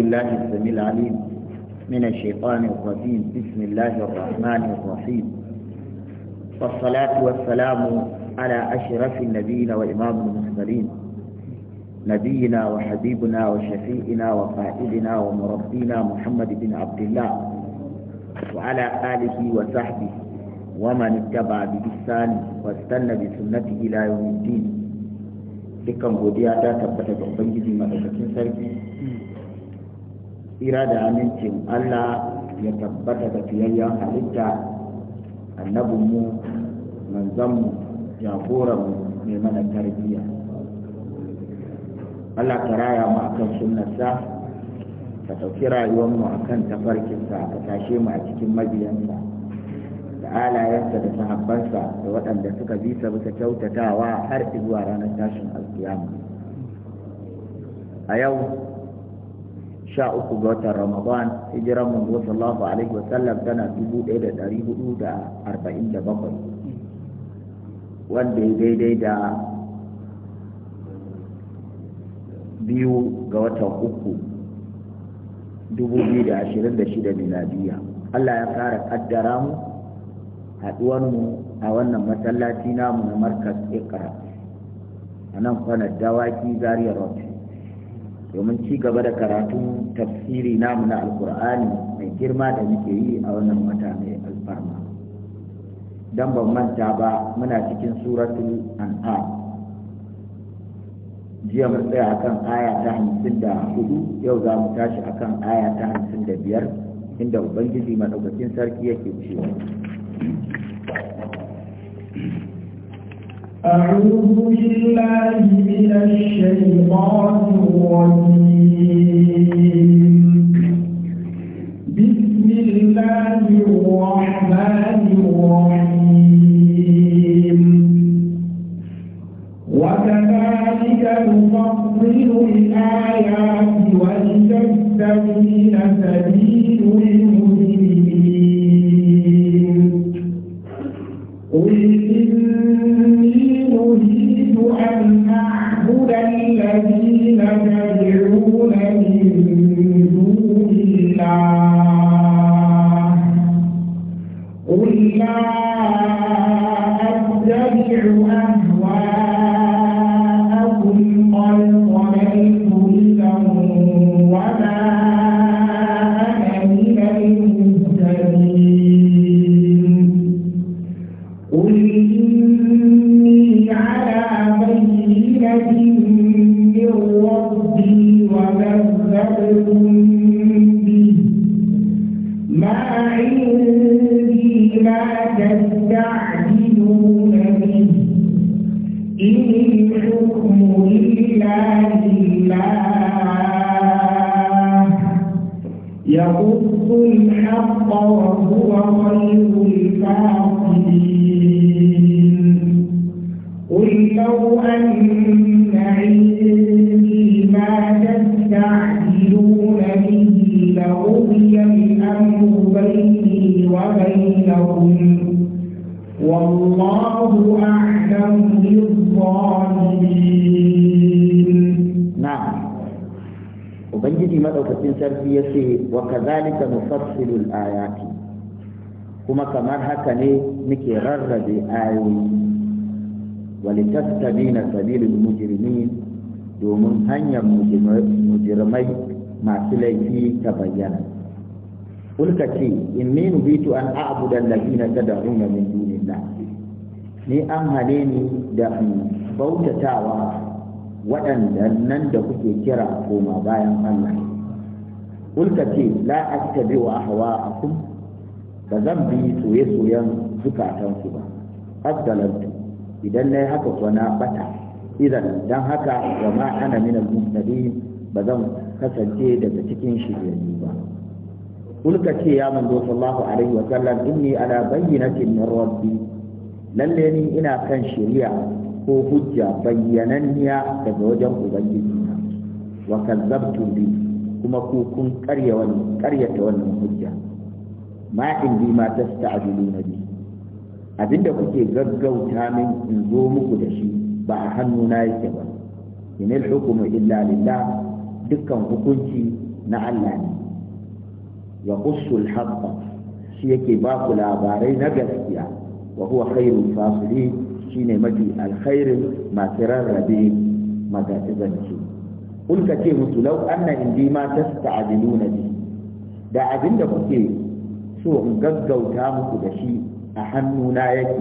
بالله السميع العليم من الشيطان الرجيم بسم الله الرحمن الرحيم والصلاة والسلام على أشرف النبيين وإمام المرسلين نبينا وحبيبنا وشفيئنا وقائدنا ومربينا محمد بن عبد الله وعلى آله وصحبه ومن اتبع بإحسان واستنى بسنته إلى يوم الدين dukkan godiya ta tabbata ga ubangiji madaukakin sarki tsira da amincin Allah ya tabbata da fiyayyen halitta annabinmu manzanmu jagoranmu mai mana tarbiyya Allah ka raya mu akan sunnarsa ka ɗauki rayuwarmu akan tafarkinsa ka tashe mu a cikin mabiyansa da alayensa da sahabbansa da waɗanda suka bisa bisa kyautatawa har zuwa ranar tashin alkiyama a yau sha uku ga watan ramadan hijiran manzo sallallahu alaihi sallam tana dubu ɗaya da ɗari hudu da arba'in da bakwai wanda ya daidai da biyu ga watan uku dubu biyu da ashirin da shida miladiya allah ya kara kaddara mu haɗuwar mu a wannan masallaci namu na markas ikra a nan kwanar dawaki zariyar rotu domin ci gaba da karatu tafsiri namu na alkur'ani mai girma da muke yi a wannan wata mai alfarma don ban manta ba muna cikin suratul an'a jiya mun tsaya akan aya ta hamsin da hudu yau za mu tashi akan aya ta hamsin da biyar inda ubangiji maɗaukakin sarki yake cewa أعوذ بالله من الشيطان الرجيم بسم الله الرحمن الرحيم وكذلك نفصل الآيات ولتستبين سبيل المؤمنين haka ne muke rarrabe ayoyi walitattabina sabilul mujrimin domin hanyar mujirmai masu laifi ta bayyana ulka ce inni nubitu an a'budu allazina tad'una min dunillah ni an hane ni da bautatawa waɗanda nan da kuke kira koma bayan Allah ulka ce hawa a ahwa'akum ba zan bi soye-soyen zukatansu ba abdalantu idan na yi haka kuwa na bata idan don haka wa ma ana minal mustaqim ba zan kasance daga cikin shiryayyu ba ulka ce ya manzo sallallahu alaihi wa sallam inni ala bayyinatin min rabbi lalle ni ina kan shari'a ko hujja bayyananniya daga wajen ubangiji wa kazzabtu bi kuma ku kun karya wannan karyata wannan hujja ma indi ma ta tasta'jiluna bi abinda kuke gaggauta min in zo muku da shi ba a hannuna yake ba in al-hukmu illa lillah dukkan hukunci na Allah ne ya qussu al shi yake ba ku labarai na gaskiya wa huwa khairul fasilin shine mafi alkhairin masu rarrabe magajizanci kun ka ce musu lau anna indi ma ta tasta'jiluna bi da abinda kuke so in gaggauta muku da shi a hannuna yake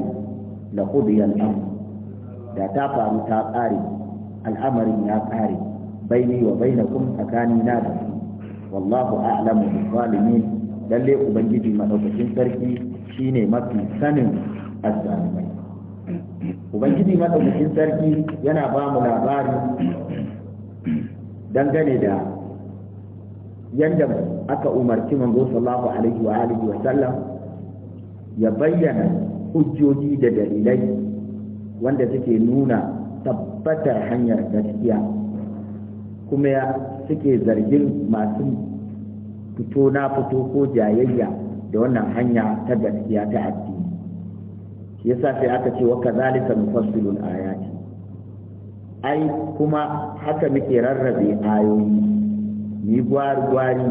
la qudiya al da ta faru ta ƙare al'amarin ya ƙare ni wa bainakum tsakani na da su wallahu a'lamu bi zalimin lalle ubangiji madaukakin sarki shine mafi sanin azzalimai ubangiji madaukakin sarki yana ba mu labari dangane da yanda aka umarci manzo sallallahu alaihi wa alihi wa sallam ya bayyana hujjoji da dalilai wanda suke nuna tabbatar hanyar gaskiya kuma ya suke zargin masu fito na fito ko jayayya da wannan hanya ta gaskiya ta addini shi yasa sai aka ce wa kazalika mufassilul ayati ai kuma haka muke rarrabe ayoyi mu yi gwari-gwari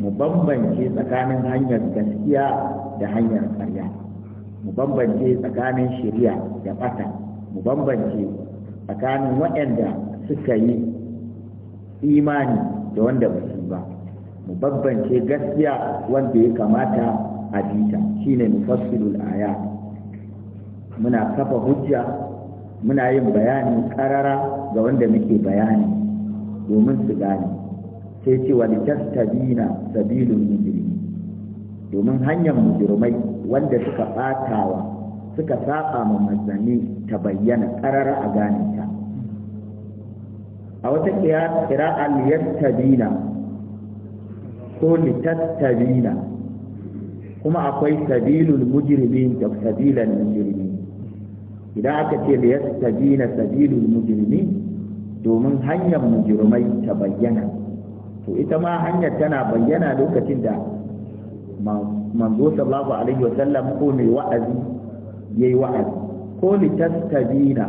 mu bambance tsakanin hanyar gaskiya da hanyar karya mu bambance tsakanin shirya da fata mu bambance tsakanin waɗanda suka yi imani da wanda ba su ba mu bambance gaskiya wanda ya kamata a bita shine mufassirul aya muna kafa hujja muna yin bayani karara ga wanda muke bayani domin su gane sai ce wa litastabina sabilul mujrimin domin hanyar mujirmai wanda suka batawa suka saba ma mazani ta bayyana karara a gane ta a wata kira'a litastabina ko litastabina kuma akwai sabilul mujirmi da sabilan mujirmi idan aka ce litastabina sabilul mujirmi domin hanyar mujirmai ta bayyana to ita ma hanyar tana bayyana lokacin da manzo sallallahu alaihi wasallam ko mai wa'azi yayi wa'azi ko tastabina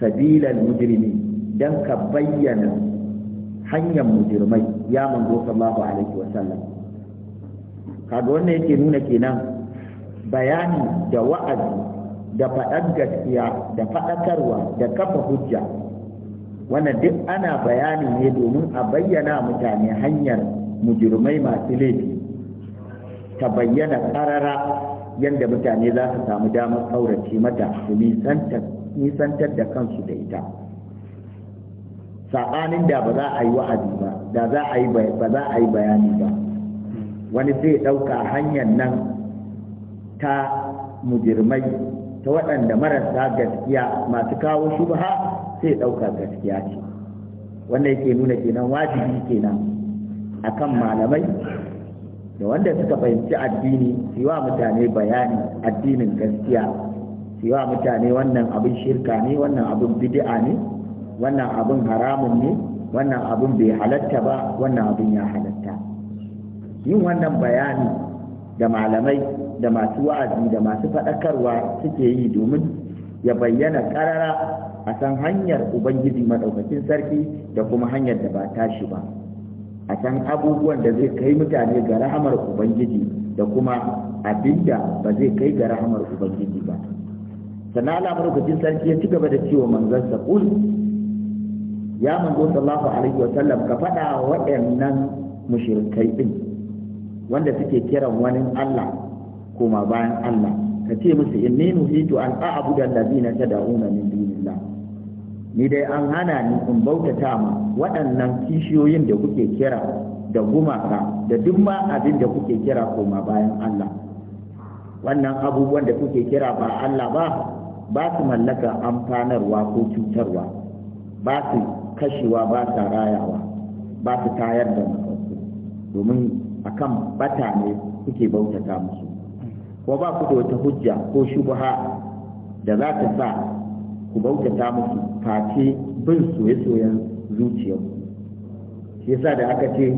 sabila mujrimi dan ka bayyana hanyar mujrimai ya manzo sallallahu alaihi wasallam kaga wannan yake nuna kenan bayani da wa'azi da faɗar gaskiya da faɗakarwa da kafa hujja wannan duk ana bayani ne domin a bayyana mutane hanyar mujirmai masu laifi ta bayyana ƙarara yadda mutane za su samu damar ƙaurace mata su nisantar da kansu da ita saɓanin da ba za a yi wa'azi ba da za a yi ba za a yi bayani ba wani zai ɗauka hanyar nan ta mujirmai ta waɗanda marasa gaskiya masu kawo shubha sai ɗauka gaskiya ce wanda yake nuna kenan wajibi kenan akan malamai da wanda suka fahimci addini su wa mutane bayani addinin gaskiya su wa mutane wannan abin shirka ne wannan abin bid'a ne wannan abin haramun ne wannan abin bai halatta ba wannan abin ya halatta yin wannan bayani da malamai da masu wa'azi da masu faɗakarwa suke yi domin ya bayyana ƙarara a san hanyar ubangiji madaukakin sarki da kuma hanyar da ba tashi ba a san abubuwan da zai kai mutane ga rahamar ubangiji da kuma abinda ba zai kai ga rahamar ubangiji ba sannan Allah madaukakin sarki ya ci gaba da cewa manzon kul ya manzo sallallahu alaihi wa sallam ka faɗa waɗannan mushrikai din wanda suke kiran wani Allah kuma bayan Allah ka ce musu inni nuhitu an a'budu allazina tad'una min dunillah ni dai an hana ni in bautata ma waɗannan kishiyoyin da kuke kira da gumaka da duk ma abin da kuke kira koma bayan Allah wannan abubuwan da kuke kira ba Allah ba ba su mallaka amfanarwa ko cutarwa ba su kashewa ba su rayawa ba su tayar da mafarki domin akan bata ne kuke bautata musu ko ba ku da wata hujja ko shubha da za ta sa ku bautata musu face bin soye-soyen zuciyar shi yasa da aka ce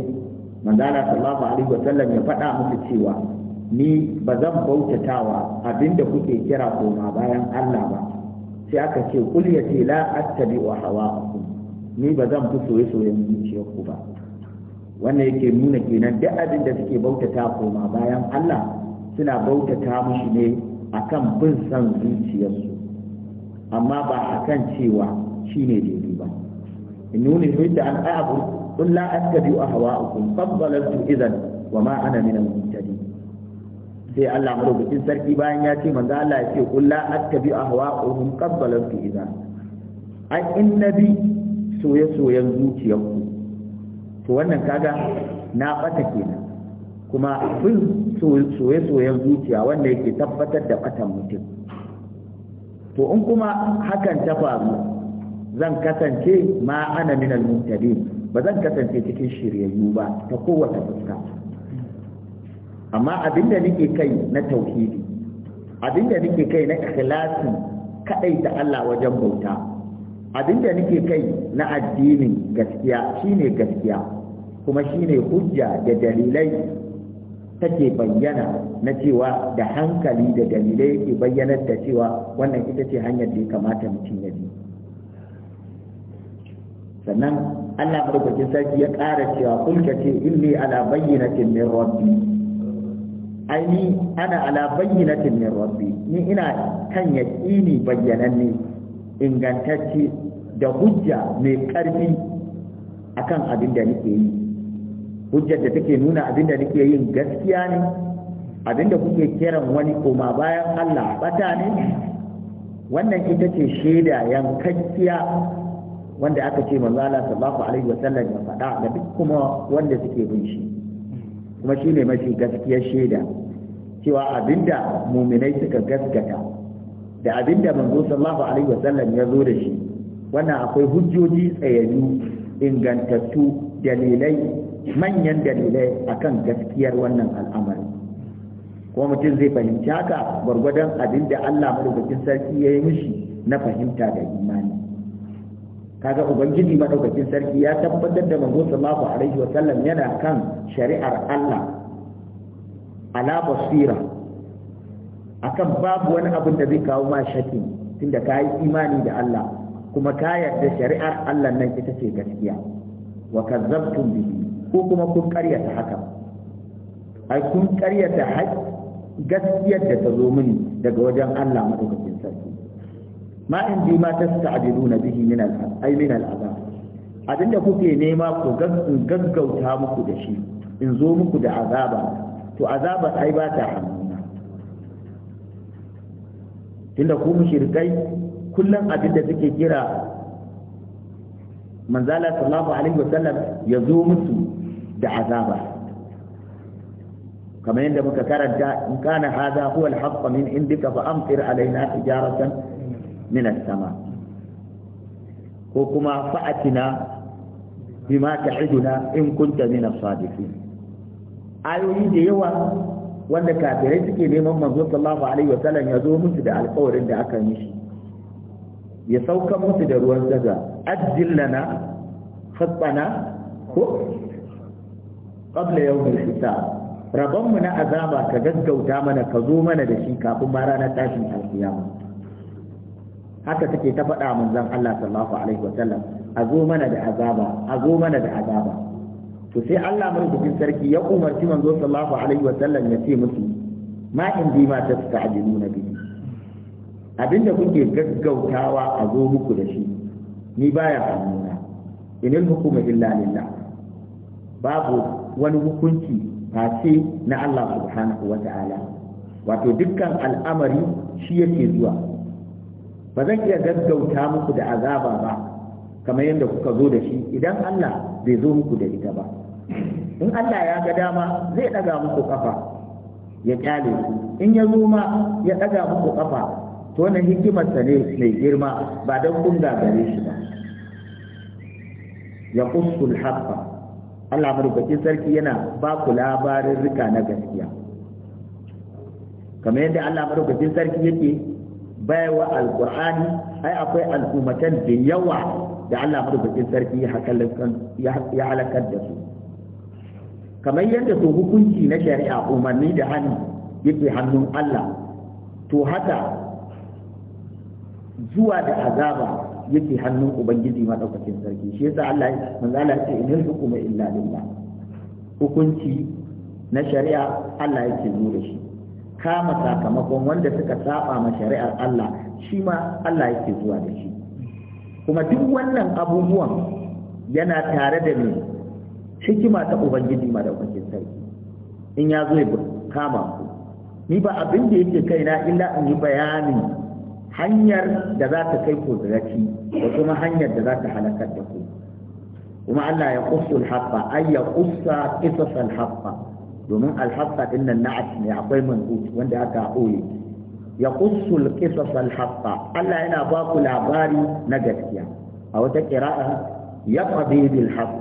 manzala sallallahu alaihi wasallam ya faɗa musu cewa ni ba zan bautatawa abinda kuke kira koma bayan Allah ba sai aka ce kul ya ce la attabi wa hawa ni ba zan fi soye-soyen zuciyar ku ba wannan yake nuna kenan duk abin da suke bautata koma bayan Allah suna bautata mushi ne akan bin san zuciyarsu amma ba akan cewa shi ne daidai ba in nuni hujja an a'budu a hawa uku, ahwa'akum faddalaltu idan wa ma ana minan mutane. sai Allah madaukakin sarki bayan ya ce manzo Allah ya ce qul la attabi'u ahwa'akum faddalaltu idan ai nabi soye-soyen zuciyarku to wannan kaga na bata kenan kuma bin soye-soyen zuciya wanda yake tabbatar da batan mutum to in kuma hakan ta faru zan kasance ma ana minal mutane ba zan kasance cikin shiryayyu ba ta kowace fuska amma abin da nake kai na tauhidi abin da nake kai na ikhlasi kaɗai da Allah wajen bauta abin da nake kai na addinin gaskiya shine gaskiya kuma shine hujja da dalilai take bayyana na cewa da hankali da dalilai yake bayyanar da cewa wannan ita ce hanyar da ya kamata mutum ya bi sannan Allah madaukakin sarki ya ƙara cewa kulka ce inni ala bayyinatin min rabbi ai ni ana ala bayyinatin min rabbi ni ina kan yaqini bayyananne ingantacce da hujja mai ƙarfi akan abin da nake yi hujjar da take nuna abinda nake yin gaskiya ne abinda kuke kiran wani koma bayan Allah bata ne wannan ita ce shaida yankakkiya wanda aka ce manzo Allah sallallahu alaihi wasallam ya faɗa da duk kuma wanda suke bin shi kuma shi ne mafi gaskiya shaida cewa abinda muminai suka gaskata da abinda manzo sallallahu alaihi wasallam ya zo da shi wannan akwai hujjoji tsayayyu ingantattu dalilai manyan dalilai a kan gaskiyar wannan al'amari kuma mutum zai fahimci haka gwargwadon abin da Allah madaukakin sarki ya yi mishi na fahimta da imani kaga ubangiji madaukakin sarki ya tabbatar da manzo sallallahu alaihi wa sallam yana kan shari'ar Allah ala basira akan babu wani abin da zai kawo ma shaki tunda ka yi imani da Allah kuma ka yarda shari'ar Allah nan ita ce gaskiya wa kazzabtum bihi ko kuma kun karyata haka ai kun karyata gaskiyar da ta zo mini daga wajen Allah madaukakin sarki ma in ji ma tasta'jiluna bihi min al ay min al abinda kuke nema ku gaggauta muku da shi in zo muku da azaba to azaba ai ba ta hannuna tunda ku mushrikai kullum abinda suke kira manzala sallallahu alaihi wasallam ya zo musu da azaba kamar yadda muka karanta in kana hadha huwa al min indika fa amtir alaina tijaratan min as-sama ko kuma fa'atina bima ta'iduna in kunta min as-sadiqin ayoyi da yawa wanda kafirai suke neman manzo sallallahu alaihi wasallam ya zo musu da alƙawarin da aka mishi ya sauka musu da ruwan daga ajjil lana ko qabla yawmil hisab rabon rabonmu na azaba ka gaggauta mana ka zo mana da shi kafin ma ranar tashin alkiyama haka take ta faɗa zan Allah sallallahu alaihi wa sallam a zo mana da azaba a zo mana da azaba to sai Allah madaukakin sarki ya umarci manzo sallallahu alaihi wa sallam ya ce musu ma in bi ma tasta'jiluna bi abinda kuke gaggautawa a zo muku da shi ni baya hannuna inil hukuma illa lillah babu wani hukunci face na Allah subhanahu wa ta'ala wato dukkan al'amari shi yake zuwa ba zan iya gaggauta muku da azaba ba kamar yadda kuka zo da shi idan Allah bai zo muku da ita ba in Allah ya ga dama zai ɗaga muku ƙafa ya ƙyale ku in ya zo ma ya ɗaga muku ƙafa to wannan hikimarsa ne mai girma ba don kun gare shi ba ya kusul haɓɓa. Allah madaukakin sarki yana ba ku labarin rika na gaskiya kamar yadda Allah madaukakin sarki yake baiwa alqur'ani ai akwai al'ummatan da yawa da Allah madaukakin sarki ya halakar da su kamar yadda su hukunci na shari'a umarni da hannu yake hannun Allah to haka zuwa da azaba yake hannun ubangiji daukakin sarki shi yasa Allah manzo Allah ya ce inil hukuma illa lillah hukunci na shari'a Allah yake zo da shi kama sakamakon wanda suka saba ma shari'ar Allah shi ma Allah yake zuwa da shi kuma duk wannan abubuwan yana tare da ni hikima ta ubangiji daukakin sarki in ya zo ya kama ku ni ba abin da yake kaina illa in yi bayanin hanyar da za ta kai ku ziraci da kuma hanyar da za ta halakar da ku kuma Allah ya qussu al-haqqa ay ya qussa qisas al domin al-haqqa din nan na'at ne akwai manzuci wanda aka boye ya qussu al-qisas Allah yana ba ku labari na gaskiya a wata qira'a ya qadi bil haqq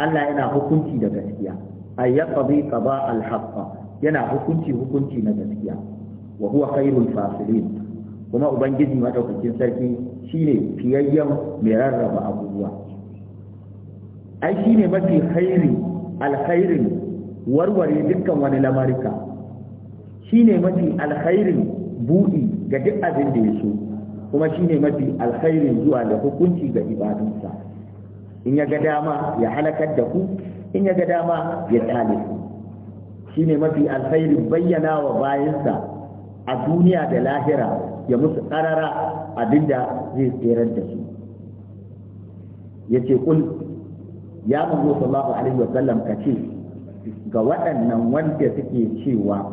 Allah yana hukunci da gaskiya ay ya qadi qada al yana hukunci hukunci na gaskiya wa huwa khairul fasilin kuma ubangiji madaukakin sarki shine fiyayyen mai rarraba abubuwa ai shine mafi khairi alkhairin warware dukkan wani lamarika shine mafi alkhairin buɗi ga duk abin da ya so kuma shine mafi alkhairin zuwa da hukunci ga ibadunsa in ya ga dama ya halakar da ku in ya ga dama ya tsale shine mafi alkhairin bayyana wa bayansa a duniya da lahira ya musu karara da zai tserar da su yace kul ya manzo sallallahu alaihi wa sallam kace ga waɗannan wanda suke cewa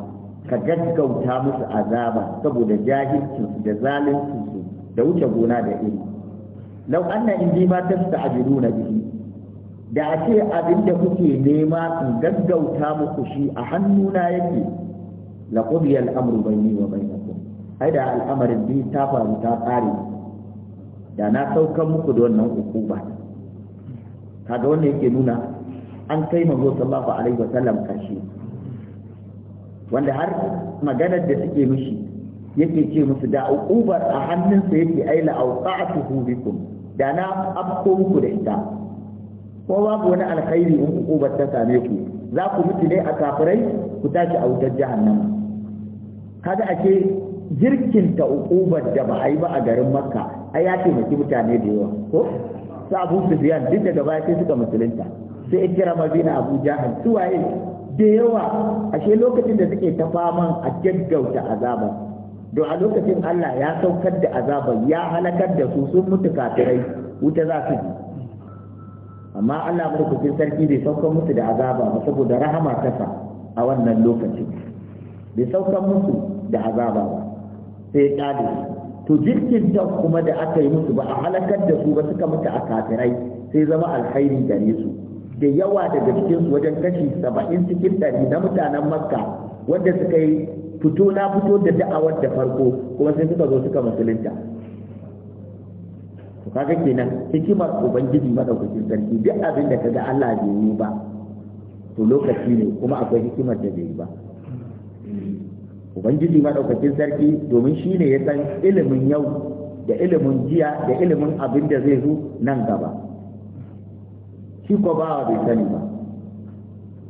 ka gaggauta musu azaba saboda jahilcin da su da wuce gona da iri lau na indi ma na bihi da a ce abin da kuke nema in gaggauta muku shi a hannuna yake la qudiya al-amru bayni wa bainakum ai da al'amarin biyu ta faru ta tsare da na saukan muku da wannan hukuma kaga wannan yake nuna an kai manzo sallallahu alaihi wasallam karshe wanda har maganar da suke mishi yake ce musu da uqubar a hannunsa yake aila awqa'tuhu bikum da na afko muku da ita ko babu wani alkhairi in uqubar ta same ku za ku mutu ne a kafirai ku tashi a wutar jahannama kaga ake jirkinta ukubar da ba a yi ba a garin makka a ya taimaki mutane da yawa ko su abu sufiyan duk daga baya sai suka musulunta sai ikira mazina abu jahal su da yawa ashe lokacin da suke ta faman a gaggauta azaba don a lokacin Allah ya saukar da azaba ya halakar da su sun mutu kafirai wuta za su ji amma Allah madaukakin sarki bai saukar musu da azaba ba saboda rahama kasa a wannan lokacin bai saukar musu da azaba ba sai ƙali to jirgin da kuma da aka yi musu ba a halakar da su ba suka mutu a kafirai sai zama alkhairi gare su da yawa daga cikin su wajen kashi saba'in cikin ɗari na mutanen makka wanda suka yi fito na fito da da'awar da farko kuma sai suka zo suka musulunta to kaga kenan hikimar ubangiji madaukakin sarki duk abin da kaga Allah bai yi ba to lokaci ne kuma akwai hikimar da bai yi ba ubangiji madaukakin sarki domin shi ne ya san ilimin yau da ilimin jiya da ilimin abin da zai zo nan gaba shi ko ba bai sani ba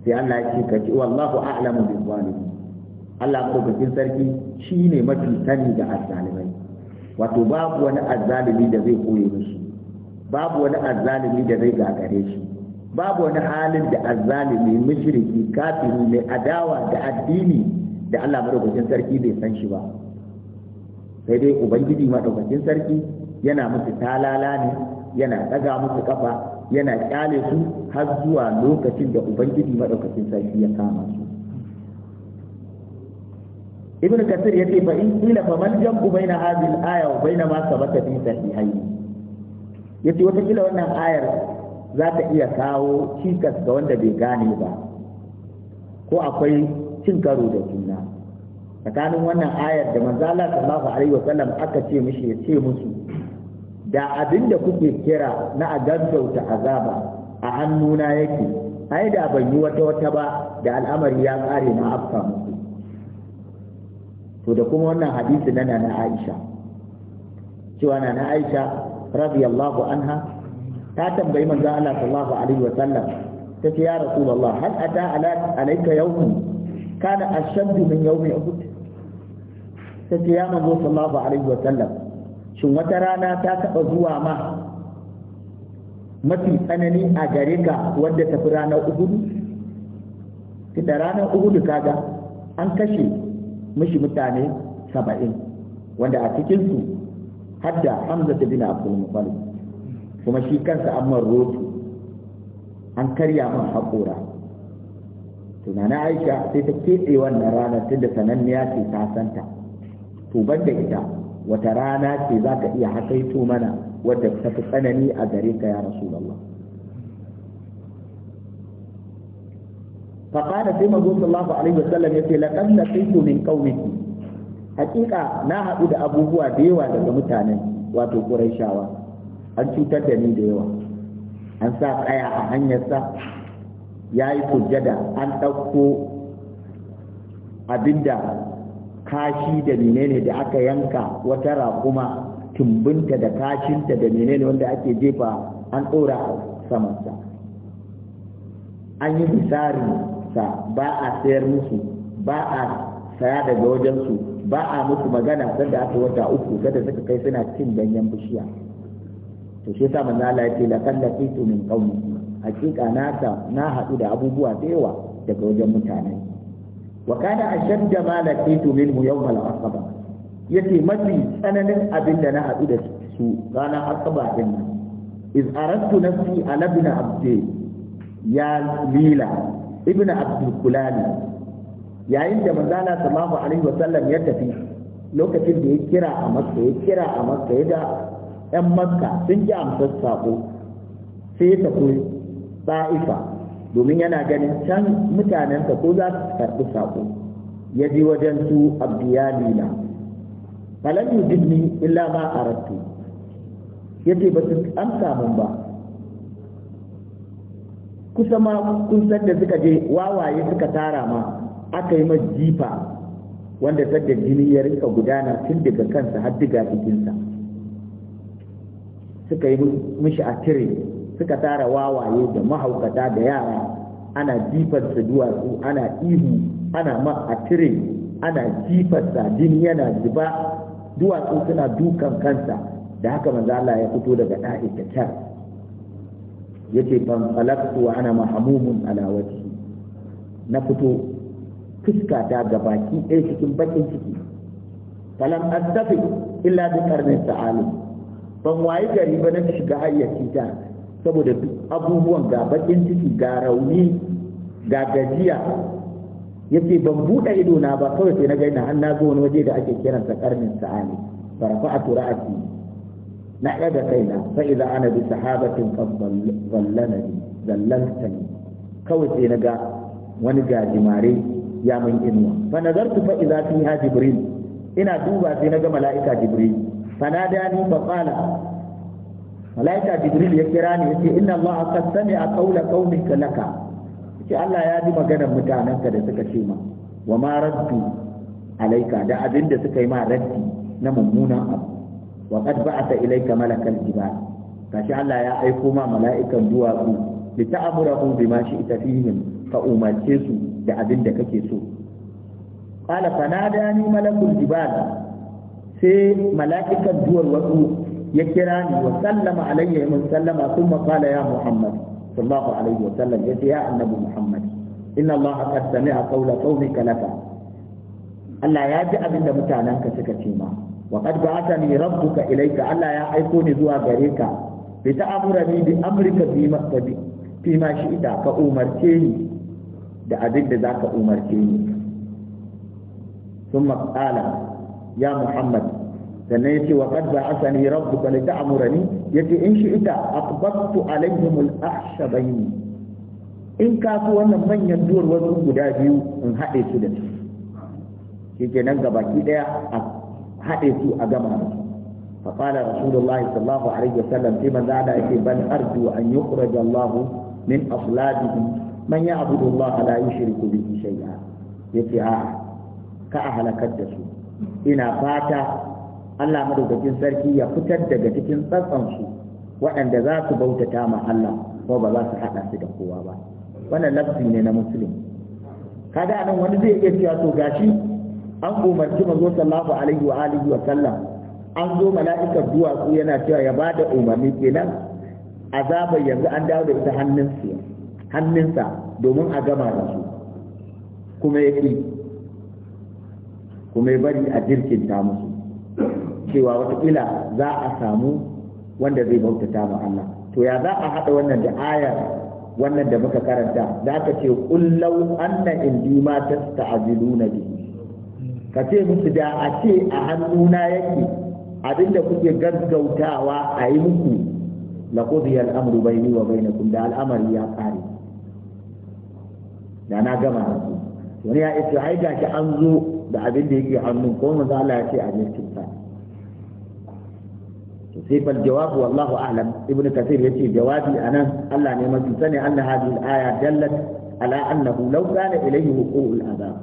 sai Allah ya ce kace wallahu a'lamu bi zalim Allah madaukakin sarki shi ne mafi sani da azzalimai wato babu wani azzalimi da zai koye mishi babu wani azzalimi da zai gagare shi babu wani halin da azzalimi mushriki kafiri mai adawa da addini da Allah madaukakin sarki bai san shi ba sai dai ubangiji madaukakin sarki yana musu talala ne yana ɗaga musu kafa yana kyale su har zuwa lokacin da ubangiji madaukakin sarki ya kama su ibn kasir yace fa in qila fa man jambu baina hadhihi al-aya wa baina ma sabata fi sahihayn yace wata kila wannan ayar za ta iya kawo cikas ga wanda bai gane ba ko akwai cin karo da juna tsakanin wannan ayar da manzo Allah sallallahu alaihi wasallam aka ce mishi ya ce musu da abin da kuke kira na a gaggauta azaba a hannuna yake ai da ban yi wata wata ba da al'amari ya kare na afka musu to da kuma wannan hadisi na Nana Aisha cewa Nana Aisha radiyallahu anha ta tambayi manzo Allah sallallahu alaihi wasallam ce ya rasulullah hal ata alaika alayka yawmun kana ashaddu min yawmi uhud sai ya manzo sallallahu alaihi wa sallam shin wata rana ta taba zuwa ma mafi tsanani a gare ka wanda tafi ranar uhud ita ranar uhud kaga an kashe mishi mutane saba'in wanda a cikinsu hadda hamza ta bin abdul kuma shi kansa amman rotu an karya man haƙora Tunanin aisha sai ta keɓe wannan ranar tunda sananniya ce ta santa to da ita wata rana ce za ka iya hakaito mana wadda ta fi tsanani a gare ka ya rasu mazo فقال سيما wa sallam ya ce laƙan na sai min قومك hakika na haɗu da abubuwa da yawa daga mutanen wato ƙuraishawa an cutar da ni da yawa an sa ƙaya a hanyar sa. ya yi sujjada an ɗauko abinda kashi da menene da aka yanka wata raƙuma tumbinta da kashinta da menene wanda ake jefa an ɗora a samansa an yi sa ba a sayar musu ba a saya daga wajensu ba a musu magana sanda aka wata uku kada suka kai suna cin ganyen bishiya to shi sa manzo Allah ya ce laqad laqitu min qaumi hakika na na haɗu da abubuwa da yawa daga wajen mutane wa kana ashadda ma laqitu minhu yawm al-aqaba yace mafi tsananin abin da na haɗu da su ranar aqaba din nan iz aradtu nafsi ala ibn abdi ya lila ibn abdul kulal yayin da manzala sallallahu alaihi wa sallam ya tafi lokacin da ya kira a makka ya kira a makka ya da yan makka sun ji amsar sako sai ya tafi ba'ifa domin yana ganin can mutanensa ko za su karɓi saƙo ya ji wajen su falan yi jini illa ma Ya ce ba su amsa mun ba kusa ma kun san da suka je wawaye suka tara ma aka yi jifa wanda sadda jini ya rinka gudana tun daga kansa har diga jikinsa suka yi mishi a tire suka tara wawaye da mahaukata da yara ana jifar su duwatsu ana ihu ana ma a tire ana jifar sa jini yana zuba duwatsu suna dukan kansa da haka manzo Allah ya fito daga ɗakin ta kyar yace ban falaktu wa ana mahamumun ala na fito fuska ta ga baki ɗaya cikin bakin ciki falam astafi illa bi karnin sa'alim ban wayi gari ba na shiga hayyaci ta saboda duk abubuwan ga bakin ciki ga rauni ga gajiya yace ban buɗe ido na ba kawai sai na ga ina na zo wani waje da ake kiran sa karnin sa'ani farafa a tura'ati na ɗaga kaina fa ana bi sahabatin qad zallanani kawai sai na ga wani gajimare ya mun inuwa fa nazartu fa idza fiha jibril ina duba sai na ga mala'ika jibril fa nadani fa qala malaika jibril ya kira ni yace inna allah qad sami'a qawla qaumika laka yace allah ya ji maganar mutanenka da suka ce ma wa ma raddu alaika da abin da suka yi ma raddi na mummunan abu wa qad ba'atha ilayka malakal jibal kashi allah ya aiko ma mala'ikan duwatsu li ta'murahu bima shi'ta fihim ka umarce su da abin da kake so qala fanadani malakul jibal sai mala'ikan duwar wasu ya kira ni wa sallama alayya ya sallama thumma qala ya muhammad sallallahu alayhi wa sallam ya ya annabi muhammad inna allaha qad sami'a qawla qaumika laka Allah ya ji abin da mutanenka suka ce ma wa qad ba'athani rabbuka ilayka Allah ya aiko ni zuwa gare ka bi ta'amurani bi amrika bi maqtadi fi ma shi'ta ka umarce ni da abin da zaka umarce ni ثم قال يا محمد sannan yace wa qad ba'athani rabbuka li ta'murani yace in shi ita aqbattu alaihim al-ahshabain in ka so wannan manyan duwar wasu guda biyu in haɗe su da su shikenan gabaki daya a haɗe su a gama da su a رسول الله صلى الله عليه وسلم فيما زعل بل أرجو أن يخرج الله من أصلابهم من يعبد الله لا يشرك به شيئا يتعاه da su. Ina fata. Allah madaukakin sarki ya fitar daga cikin tsatsansu waɗanda za su bautata ma Allah ko ba za su haɗa su da kowa ba wannan lafzi ne na musulmi Kada anan wani zai iya cewa to gashi an umarci manzo sallallahu alaihi wa alihi wa sallam an zo mala'ikar duwatsu yana cewa ya bada umarni kenan azabar yanzu an dawo da ita hannunsa hannunsa domin a gama da su kuma ya kuma ya bari a jirkinta musu cewa wataƙila za a samu wanda zai bautata ma Allah to ya za a haɗa wannan da ayar wannan da muka karanta za ka ce kullau anna indi ma tasta'jiluna bihi ka ce musu da a ce a hannuna yake abinda kuke gaggautawa a yi muku la qudi al-amru bayni wa bainakum da al'amari ya kare da na gama da wani ya ce ai gashi an zo da abin da yake hannu ko manzo Allah ya ce a jikin sa sai fal jawabu wallahu a'lam ibnu kathir yace jawabi anan Allah ne mafi sani anna hadhihi al-aya dallat ala annahu law kana ilayhi wuqu'ul azab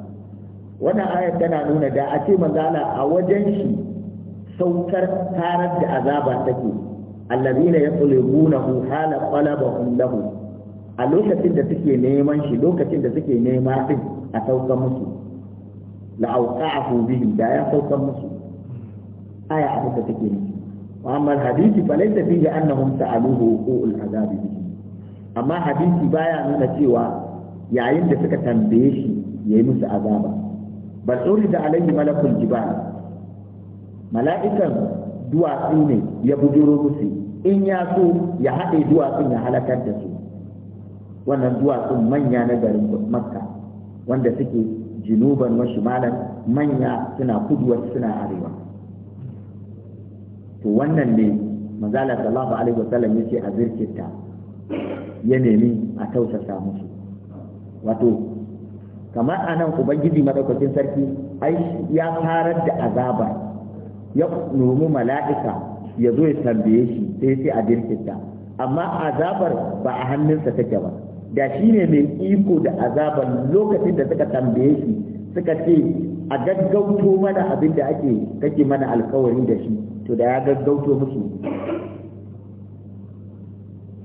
wannan ayar tana nuna da a ce manzala a wajen shi saukar tarar da azaba take allazina yatlubunahu hala qalabahum lahu a lokacin da suke neman shi lokacin da suke nema din a sauka musu la auqa'ahu bihim da ya sauka musu aya abu da take ne amma hadisi fa laysa fihi annahum ta'aluhu qul azabi bihi amma hadisi baya nuna cewa yayin da suka tambaye shi yayi musu azaba bal da alayhi malakul jibal mala'ikan duwatsu ne ya bujuro musu in ya so ya haɗa duwatsun ya halakar da su wannan duwatsun manya na garin makka wanda suke jinuban wasu malam, manya suna kudu wasu suna arewa to wannan ne manzala sallallahu alaihi wasallam yace a zirkinta ya nemi a tausasa musu wato kamar anan ubangiji madaukakin sarki ai ya farar da azaba ya nomi mala'ika ya zo ya tambaye shi sai sai a dirkita amma azabar ba a hannunsa take ba da shi ne mai iko da azabar lokacin da suka tambaye shi suka ce a gaggauto mana abin da ake kake mana alkawari da shi to da ya gaggauto musu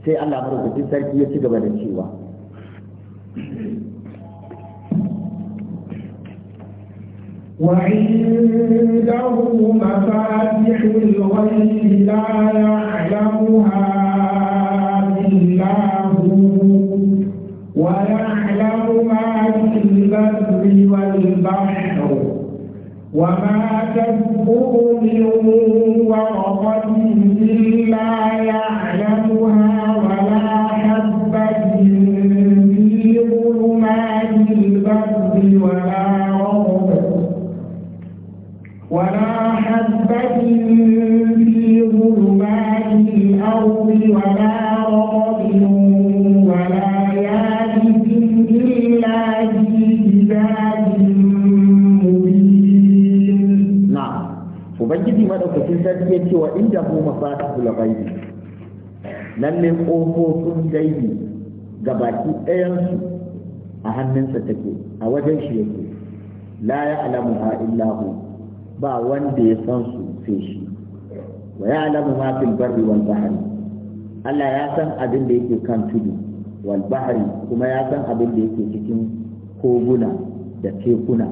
sai Allah marubutun sarki ya ci gaba da cewa وعنده مفاتح الغيب لا يعلمها إلا هو ويعلم ما في البر والبحر وما تذكر من ورقة إلا يعلم cikin sarki ya ce wa inda mu mafatihul ghaibi lalle kofofin gaibi ga baki ɗayansu a hannunsa take a wajen shi yake la alamu ha illahu ba wanda ya san su sai shi wa alamu ma fil barri wal bahri Allah ya san abin da yake kan tudu wal bahri kuma ya san abin da yake cikin koguna da tekuna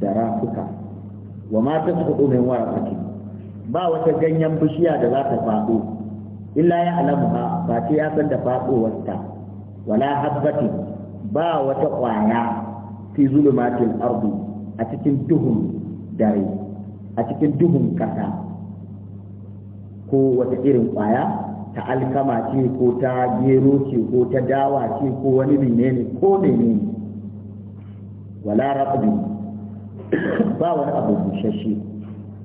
da rafuka wa ma tasqutu min waraqatin ba wata ganyen bishiya da za ta faɗo illa ya alamuha ba ce ya san da faɗowarta wala habbatin ba wata ƙwaya fi zulumatin ardu a cikin duhun dare a cikin duhun ƙasa ko wata irin ƙwaya ta alkama ce ko ta gero ce ko ta dawa ce ko wani menene ko ne wala rabbi ba wani abu busasshe.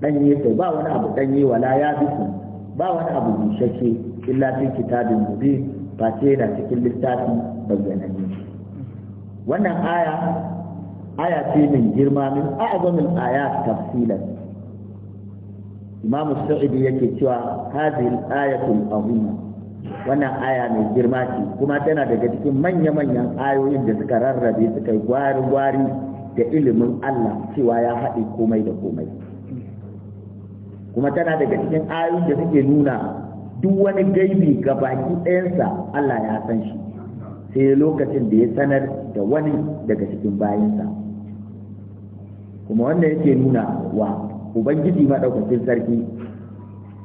danye to ba wani abu danye wala ya bisu ba wani abu bushashe illa fi kitabin ba ce da cikin littafi bayyananne wannan aya aya ce min girma min a'zamil ayat tafsilan imamu sa'idi yake cewa hadhihi al azim wannan aya mai girma ce kuma tana daga cikin manya-manyan ayoyin da suka rarrabe suka yi gwari-gwari da ilimin Allah cewa ya haɗe komai da komai kuma tana daga cikin ayoyin da suke nuna duk wani gaibi ga baki ɗayansa Allah ya san shi sai lokacin da ya sanar da wani daga cikin bayansa kuma wannan yake nuna wa ubangiji maɗaukakin sarki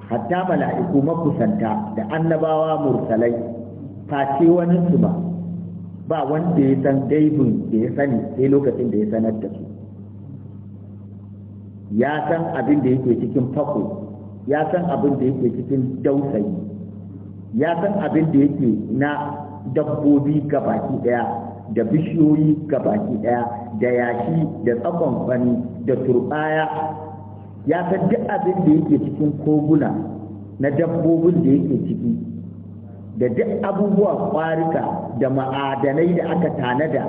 hatta mala'iku makusanta da annabawa mursalai face wani su ba wanda ya san gaibin da ya sani sai lokacin da ya sanar da su ya san abin da yake cikin fako ya san abin da yake cikin dausayi ya san abin da yake na dabbobi gabaki daya da bishiyoyi gabaki daya da yashi da tsakon fani da turbaya ya san duk abin da yake cikin koguna na dabbobin da yake ciki da duk abubuwa kwarika da ma'adanai da aka tanada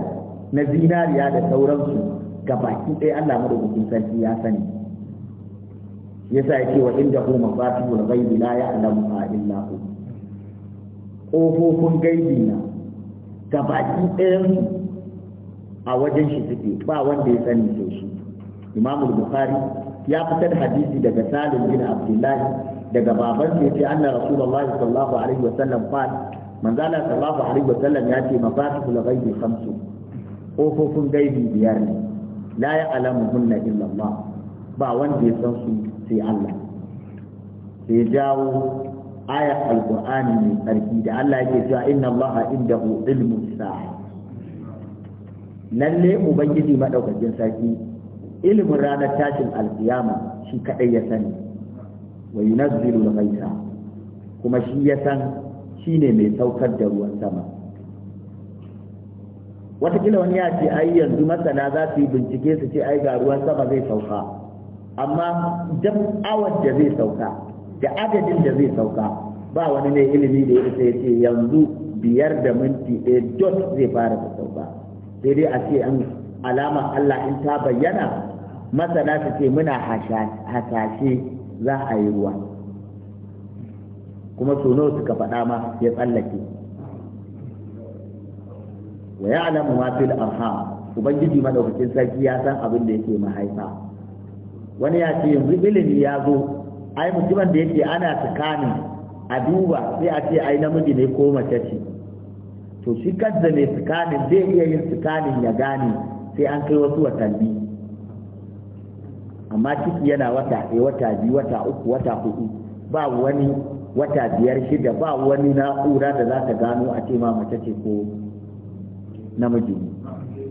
na zinariya da sauransu gabaki ɗaya Allah madaukakin sarki ya sani yasa yake wa inda hu mafatihul ghaibi la ya'lamuha illa hu kofofin gaibi na gabaki ɗayan a wajen shi suke ba wanda ya sani sai shi Imam Bukhari ya fitar hadisi daga Salim bin Abdullah daga baban ya ce anna Rasulullahi sallallahu alaihi wa sallam qal manzala sallallahu alaihi wa sallam ya ce mafatihul ghaibi khamsu kofofin gaibi biyar ne la alamu hunna illallah, ba wanda ya san su sai Allah sai jawo aya alqur'ani mai tsarki da Allah yake cewa inna Allah indahu ilmu sa'a lalle ubangiji madaukakin sarki ilimin ranar tashin alkiyama shi kadai ya sani wa yunazzilu al-ghaitha kuma shi ya san shine mai saukar da ruwan sama Wata watakila wani ya ce ai yanzu masana za su yi bincike su ce ai ga ruwan sama zai sauka amma duk awan da zai sauka da adadin da zai sauka ba wani ne ilimi da ya sai ce yanzu biyar da minti a dot zai fara da sauka sai dai a ce an alama Allah in ta bayyana masana su ce muna hasashe za a yi ruwa kuma sono suka faɗa ma ya tsallake wa alamu ma fil arham ubangiji madaukakin sarki ya san abin da yake mahaifa wani ya ce yanzu ilimi ya zo ai mutumin da yake ana tsakanin a duba sai a ce ai namiji ne ko mace ce to shi kadda mai tsakanin zai iya yin tsakanin ya gane sai an kai wasu watanni amma ciki yana wata ɗaya wata biyu wata uku wata hudu ba wani wata biyar shida ba wani na'ura da za ta gano a ce ma mace ce ko namiji majini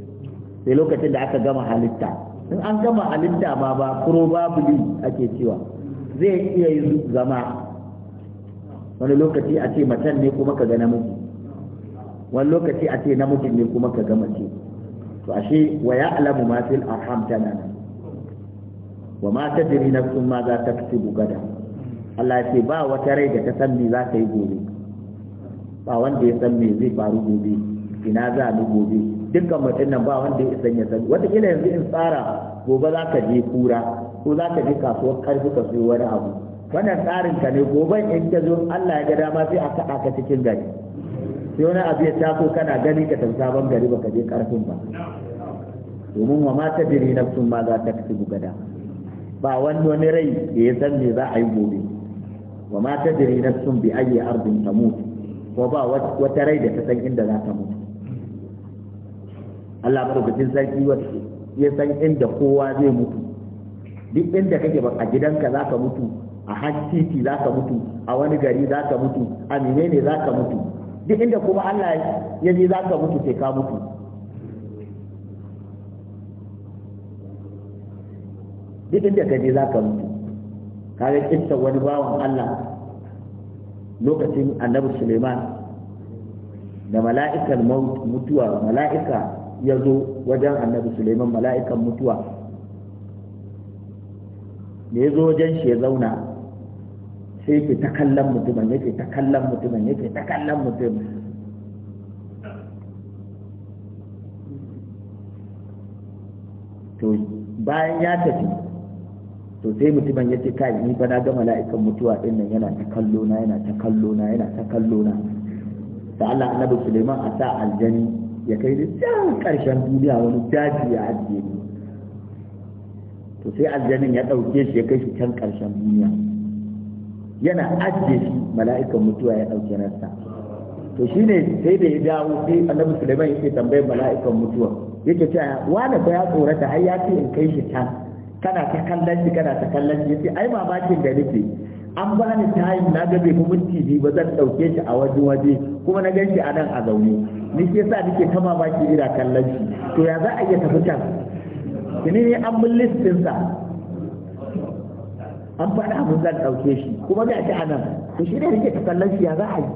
sai lokacin da aka gama halitta in an gama halitta ma ba probably ake cewa zai iya yi zama wani lokaci a ce macen ne kuma ka ga namiji wani lokaci a ce namiji ne kuma ka ga mace to ashe wa alamu ma fil arham tanana wa ma tadri nafsun ma za ta kasibu gada Allah ya ce ba wata rai da ta san me za ta yi gobe ba wanda ya san me zai faru gobe ina za ni gobe dukkan mutum nan ba wanda ya isa ya sani ila yanzu in tsara gobe za ka je kura ko za ka je kasuwar karfi ka sayo wani abu wannan tsarin ka ne gobe in ka zo Allah ya ga dama sai a kaɗa ka cikin gari sai wani abu ya taso kana gani ka tafi sabon gari baka je karfin ba domin wa ma ta na sun ma za ta kasibu gada ba wani wani rai da ya san me za a yi gobe wa ma ta na sun bi ayyi ardin tamut ko ba wata rai da ta san inda za ta mutu Allah madaukakin sarki ya san inda kowa zai mutu duk inda kake ba a gidanka za ka mutu a hankiti za ka mutu a wani gari za ka mutu a menene za ka mutu duk inda kuma Allah ya ji za ka mutu sai ka mutu duk inda ka je za ka mutu ga kitta wani bawan Allah lokacin annabi Suleiman da mala'ikar mutuwa mala'ika ya zo wajen annabi suleiman mala'ikan mutuwa da ya zo wajen shi ya zauna sai ke ta kallon mutumin yake ta kallon mutumin yake ta kallon mutum. to bayan ya tafi to sai mutumin ya ce kai ni fa na ga mala'ikan mutuwa din nan yana ta kallona yana ta kallona yana ta kallona na da Allah annabi Suleiman a sa aljani ya kai da can karshen duniya wani daji ya ajiye ni to sai aljanin ya ɗauke shi ya kai shi can karshen duniya yana ajiye shi mala'ikan mutuwa ya ɗauke rasta to shine sai da ya dawo sai annabi Sulaiman yake tambayar mala'ikan mutuwa yake cewa wani ba ya tsorata har ya ce in kai shi can kana ta kallon shi kana ta kallon shi yace ai mamakin da nake an bani tayin na ga bai fi minti biyu ba zan ɗauke shi a wajen waje kuma na gan shi a nan a zaune ni ke sa nake ta mamaki ira kallon shi to ya za a iya tafi can kini ne an bin sa an faɗa abin zan ɗauke shi kuma ga shi anan to shi ne nake ta kallon shi ya za a yi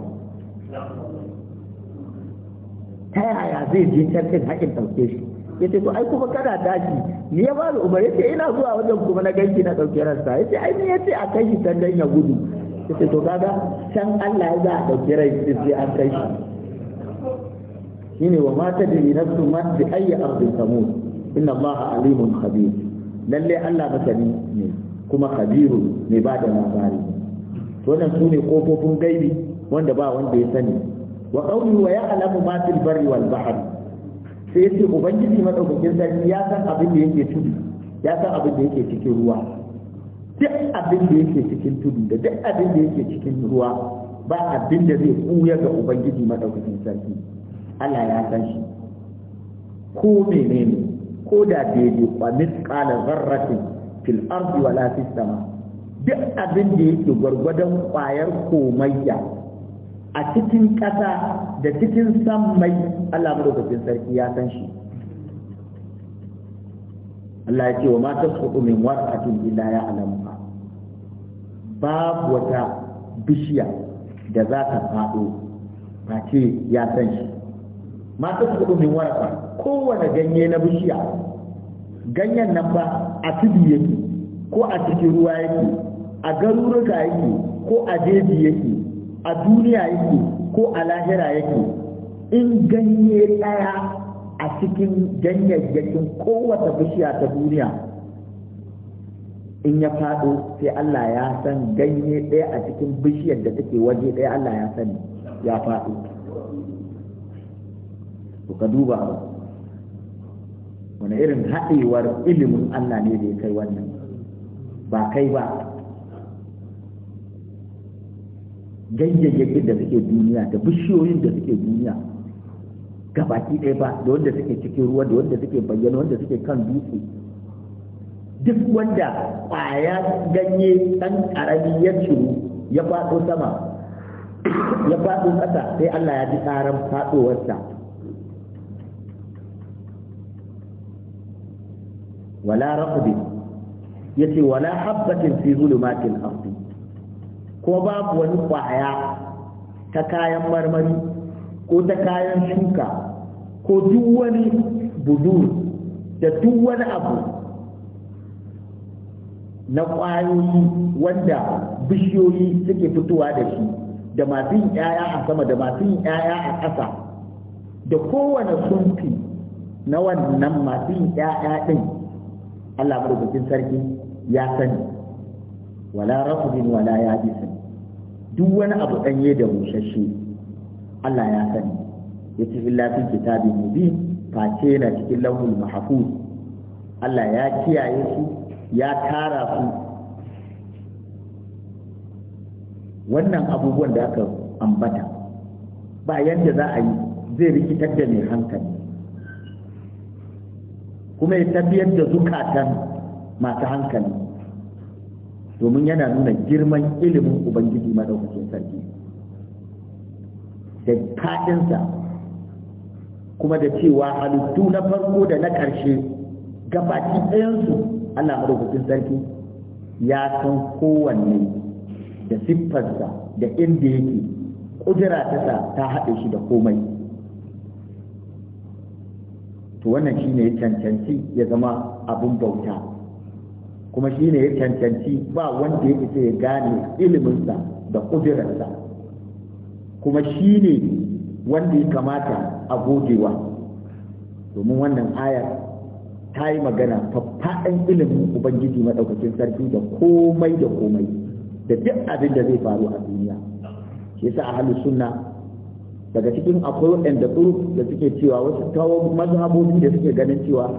ta yaya zai je can ɗin haƙin ɗauke shi ya ce to ai kuma kana tashi ni ya bani umar ya ce ina zuwa wajen kuma na ganki na ɗauke ransa ya ce ai ni ya ce a kai shi can dan ya gudu ya ce to kaga can Allah ya za a ɗauki rai sai an kai shi shine wa ma tadri nafsu ma bi ayyi ardin tamut inna allaha alimun khabir lalle Allah masani ne kuma khabirun mai ba da labari wannan su ne kofofin gaibi wanda ba wanda ya sani wa qawli wa ya'lamu ma fil barri wal bahri sai yace ubangiji madaukakin sarki ya san abin da yake tudu ya san abin da yake cikin ruwa duk abin da yake cikin tudu da duk abin da yake cikin ruwa ba abin da zai kuya ga ubangiji madaukakin sarki Allah ya san shi ko menene ko da daidai kwamis kala zarrati fil ardi wala fis sama duk abin da yake gwargwadon kwayar komayya a cikin ƙasa da cikin sammai Allah madaukakin sarki ya san shi Allah ya ce wa ma tasqutu min warqatin illa ya'lamuha babu wata bishiya da za ta faɗo ba ce ya san shi ma ta kudu min warafa kowane ganye na bishiya ganyen nan ba a tudu yake ko a cikin ruwa yake a garuruka yake ko a jeji yake a duniya yake ko a lahira yake in ganye ɗaya a cikin ganyayyakin kowace bishiya ta duniya in ya faɗo sai Allah ya san ganye ɗaya a cikin bishiyar da take waje ɗaya Allah ya sani ya fado to ka duba abu wani irin haɗewar ilimin Allah ne da ya kai wannan ba kai ba ganyayyakin da suke duniya da bishiyoyin da suke duniya gabaki ɗaya ba da wanda suke cikin ruwa da wanda suke bayyana wanda suke kan dutse duk wanda ƙwaya ganye ɗan ƙarami ya ciro ya faɗo sama ya faɗo ƙasa sai Allah ya ji tsaron faɗowarsa wala raqbi yace wala habbatin fi zulumatil ardi ko babu wani kwaya ta kayan marmari ko ta kayan shuka ko duk wani budur da duk wani abu na ƙwayoyi wanda bishiyoyi suke fitowa da shi da masu yin 'ya'ya a sama da masu 'ya'ya a ƙasa da kowane sunfi na wannan masun 'ya'ya ɗin Allah madaukakin sarki ya sani wala rafudin wala ya sani duk wani abu danye da bushashe Allah ya sani yace illa fi kitabin mubin face na cikin lawhul mahfuz Allah ya kiyaye su ya tara su wannan abubuwan da aka ambata ba yadda za a yi zai rikitar da mai hankali kuma ya tafiyar da zukatan masu hankali domin yana nuna girman ilimin ubangiji maɗaukacin sarki da kaɗinsa kuma da cewa halittu na farko da na ƙarshe gabaki ɗayansu allah maɗaukacin sarki ya san kowanne da siffarsa da inda yake ƙudura ta ta haɗe shi da komai to wannan ne ya cancanci ya zama abin bauta kuma shi ne ya cancanci ba wanda ya isa ya gane iliminsa da kudurarsa kuma shi ne wanda ya kamata a gogewa domin wannan ayar ta yi magana faffaɗan ilimin ubangiji maɗaukacin sarki da komai da komai da duk abin da zai faru a duniya shi yasa a sunna daga cikin akwai waɗanda tsuru da suke cewa wasu kawo mazhabobi da suke ganin cewa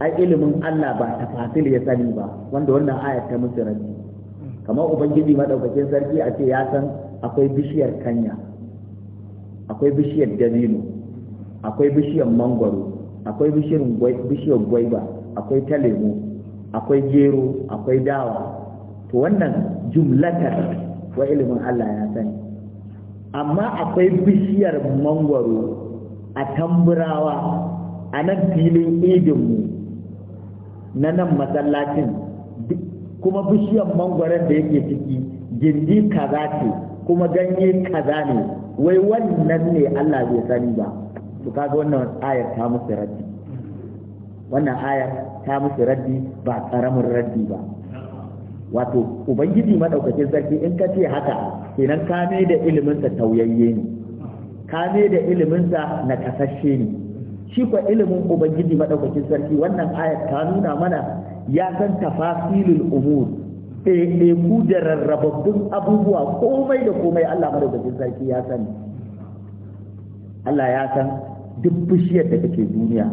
ai ilimin Allah ba ta fasil ya sani ba wanda wannan ayar ta musu rabbi kamar ubangiji madaukakin sarki a ce ya san akwai bishiyar kanya akwai bishiyar dabino akwai bishiyar mangwaro akwai bishiyar gwaiba akwai ta lemu akwai gero akwai dawa to wannan jumlatar wa ilimin Allah ya sani amma akwai bishiyar mangwaro a tamburawa a nan filin idinmu na nan masallacin kuma bishiyar mangwaron da yake ciki gindi kaza ce kuma ganye kaza ne wai wannan ne Allah bai sani ba to kaga wannan ayar ta musu raddi wannan ayar ta musu raddi ba ƙaramin raddi ba wato ubangiji maɗaukakin sarki in ka ce haka kenan ka ne da ilimin tauyayye ne ka ne da iliminsa sa na kasashe ne shi kwa ilimin ubangiji madaukakin sarki wannan ayat ta nuna mana ya san tafasilul umur ɗaiɗaiku da rarrababbun abubuwa komai da komai Allah maɗaukakin sarki ya sani Allah ya san duk bishiyar da take duniya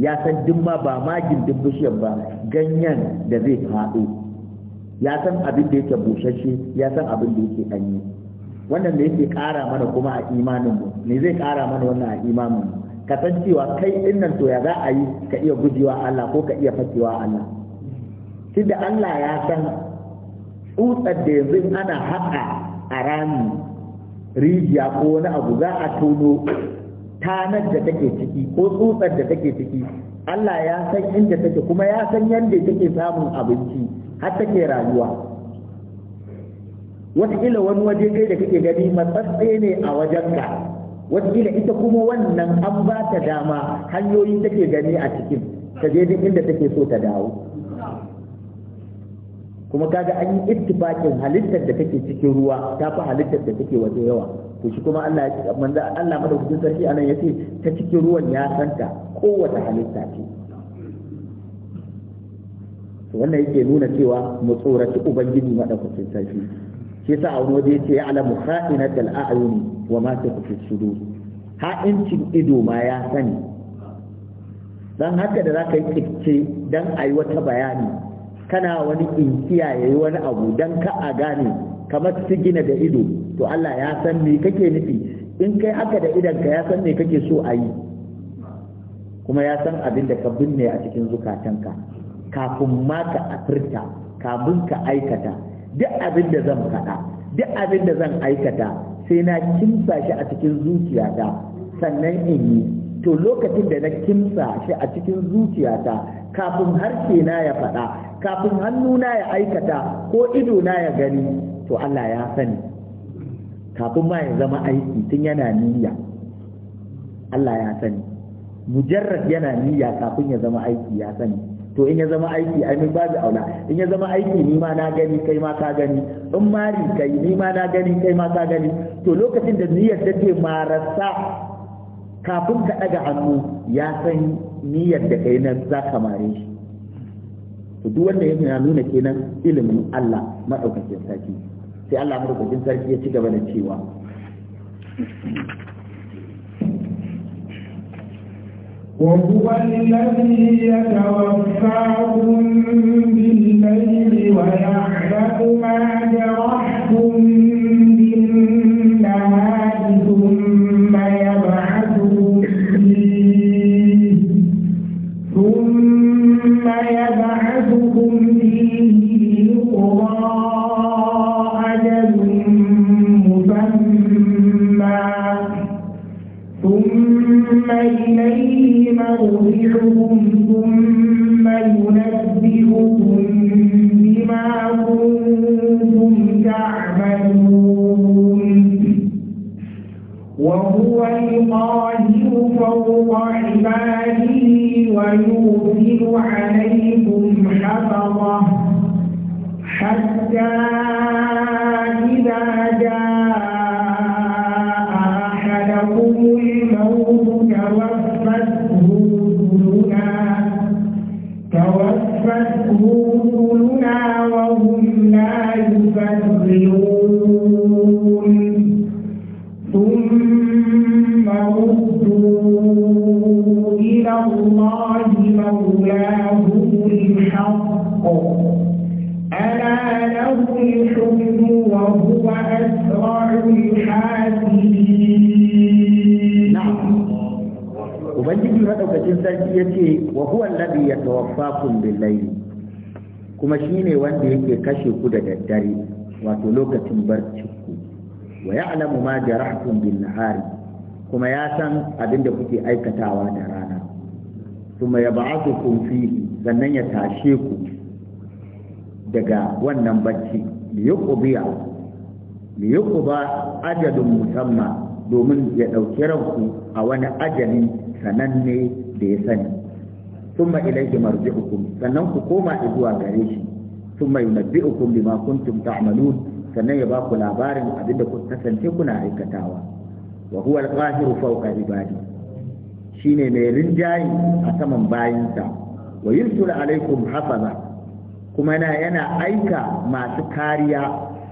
ya san duk ma ba magin duk bishiyar ba ganyen da zai faɗo ya san abin da yake bushashe ya san abin da yake ɗanye. wannan da yake ƙara mana kuma a imanin mu ne zai ƙara mana wannan a imanin mu ka san cewa kai din nan to ya za a yi ka iya gujewa Allah ko ka iya fakewa Allah tunda Allah ya san tsutsar da yanzu ana haƙa a rami rijiya ko wani abu za a tono tanar da take ciki ko tsutsar da take ciki Allah ya san inda take kuma ya san yadda take samun abinci har take rayuwa wataƙila wani waje kai da kake gani matsatse ne a wajenka wataƙila ita kuma wannan an ba ta dama hanyoyin take gani a cikin ta je duk inda take so ta dawo kuma kaga an yi ittifaqin halittar da take cikin ruwa ta fi halittar da take waje yawa to shi kuma Allah ya manzo Allah madaukakin sarki anan yace ta cikin ruwan ya santa kowace halitta ce wannan yake nuna cewa mu tsoraci ubangiji madaukakin sarki shi yasa a wani waje yace ya alamu kha'inatal a'yuni wa ma tafi sudur ha'incin ido ma ya sani dan haka da zaka yi kicce dan ayi wata bayani kana wani inkiya yi wani abu don ka a gane kamar su gina da ido to Allah ya san me kake nufi in kai aka da idan ka ya san me kake so a yi kuma ya san abin da ka binne a cikin zukatanka kafin ma ka afirta kafin ka aikata duk abin da zan faɗa duk abin da zan aikata sai na kimsa shi a cikin zuciyata sannan in yi to lokacin da na kimsa shi a cikin zuciyata kafin harshe na ya faɗa kafin hannuna ya aikata ko ido na ya gani to Allah ya sani kafin ma ya zama aiki tun yana niyya Allah ya sani mujarrad yana niyya kafin ya zama aiki ya sani to in ya zama aiki ai min babu aula in ya zama aiki ni ma na gani kai ma ka gani in mari kai ni ma na gani kai ma ka gani to lokacin da niyyar take marasa kafin ka ɗaga hannu ya san niyyar da kai na za ka mare shi to duk wanda ya nuna kenan ilimin Allah madaukakin sarki sai Allah madaukakin sarki ya ci gaba da cewa وهو الذي يتوفاكم بالليل ويعلم ما جرحتم بالنهار ثم subscribe wanda yake kashe ku da daddare wato lokacin barci ku wa ya'lamu ma jarahtum bin nahari kuma ya san abin da kuke aikatawa da rana kuma ya kun fi sannan ya tashe ku daga wannan barci liyuqdiya liyuqda ajalun musamma domin ya ɗauki ranku a wani ajali sananne da ya sani thumma ilayhi marji'ukum sannan ku koma zuwa gare shi thumma yunabbi'ukum bima kuntum ta'malun sannan ya baku labarin abinda ku kuka ku na aikatawa wa huwa al-qahiru fawqa ibadi shine mai rinjaye a saman bayansa. wa yursilu alaikum hafaza kuma yana yana aika masu kariya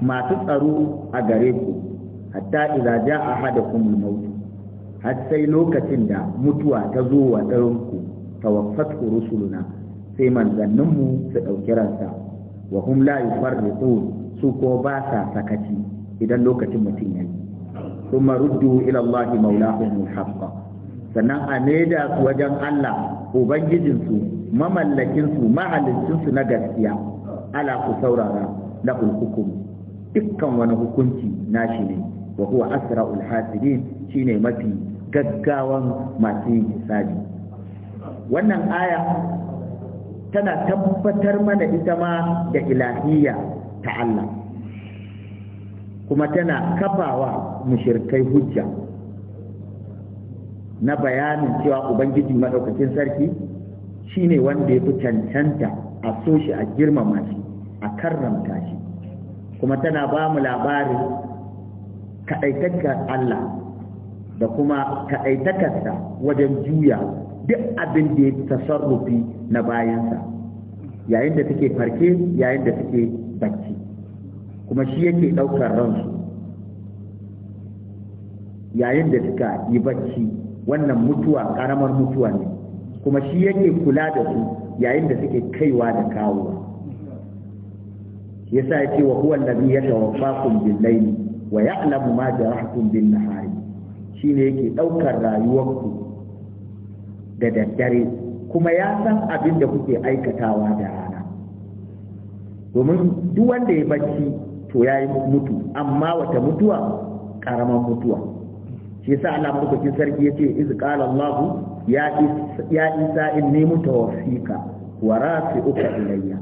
masu tsaro a gare ku hatta idza ja'a ahadakum al-maut har sai lokacin da mutuwa ta zo wa ɗayanku tawaffatu rusuluna sai manzanninmu su ɗauki ransa wa hum la yufarriqun su ko ba sa sakaci idan lokacin mutum yayi kuma ruddu ila Allah maulahum haqqa sannan a maida su wajen Allah ubangijinsu mamallakinsu mahalicinsu na gaskiya ala ku saurara lahul hukum dukkan wani hukunci nashi ne wa huwa asra'ul hasidin shine mafi gaggawan masu hisabi wannan aya tana tabbatar mana ita ma da ilahiyya ta Allah kuma tana kafawa mushirkai hujja na bayanin cewa ubangiji maɗaukacin sarki shine wanda ya fi cancanta a so shi a girmama shi a karramta shi kuma tana ba mu labarin kaɗaitakar Allah da kuma kaɗaitakarsa wajen juya duk abin da ya tasarrufi na bayansa yayin da suke farke yayin da suke bacci kuma shi yake ɗaukar ransu yayin da suka yi bacci wannan mutuwa ƙaramar mutuwa ne kuma shi yake kula da su yayin da suke kaiwa da kawowa yasa ya ce wa huwa allazi yatawaffakum bil layli wa ya'lamu ma jarahtum bin nahari shine yake daukar rayuwarku da daddare kuma ya san abin da kuke aikatawa da rana domin duk wanda ya bacci to ya yi mutu amma wata mutuwa karamar mutuwa shi yasa Allah madaukakin sarki yace iz qala Allah ya ya isa inni mutawaffika wa rafi'uka ilayya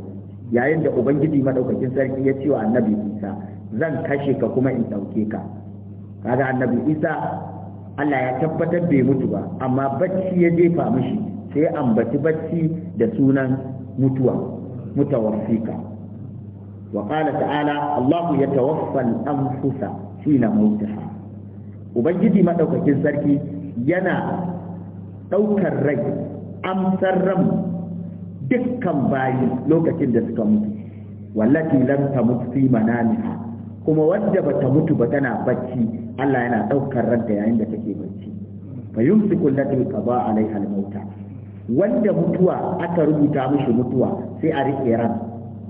yayin da ubangiji madaukakin sarki ya ce wa annabi Isa zan kashe ka kuma in dauke ka kaga annabi Isa Allah ya tabbatar bai mutu ba amma bacci ya jefa mishi sai ambaci bacci da sunan mutuwa mutawaffika wa qala ta'ala Allahu yatawaffa al-anfusa hina mautaha ubangiji madaukakin sarki yana daukar rai amsar ran dukkan bayi lokacin da suka mutu wallati lam tamut fi manamiha kuma wadda bata mutu ba tana bacci Allah yana daukar ranta yayin da take bacci fa yumsiku allati qada alaiha al-mauta wanda mutuwa aka rubuta mishi mutuwa sai a riƙe ran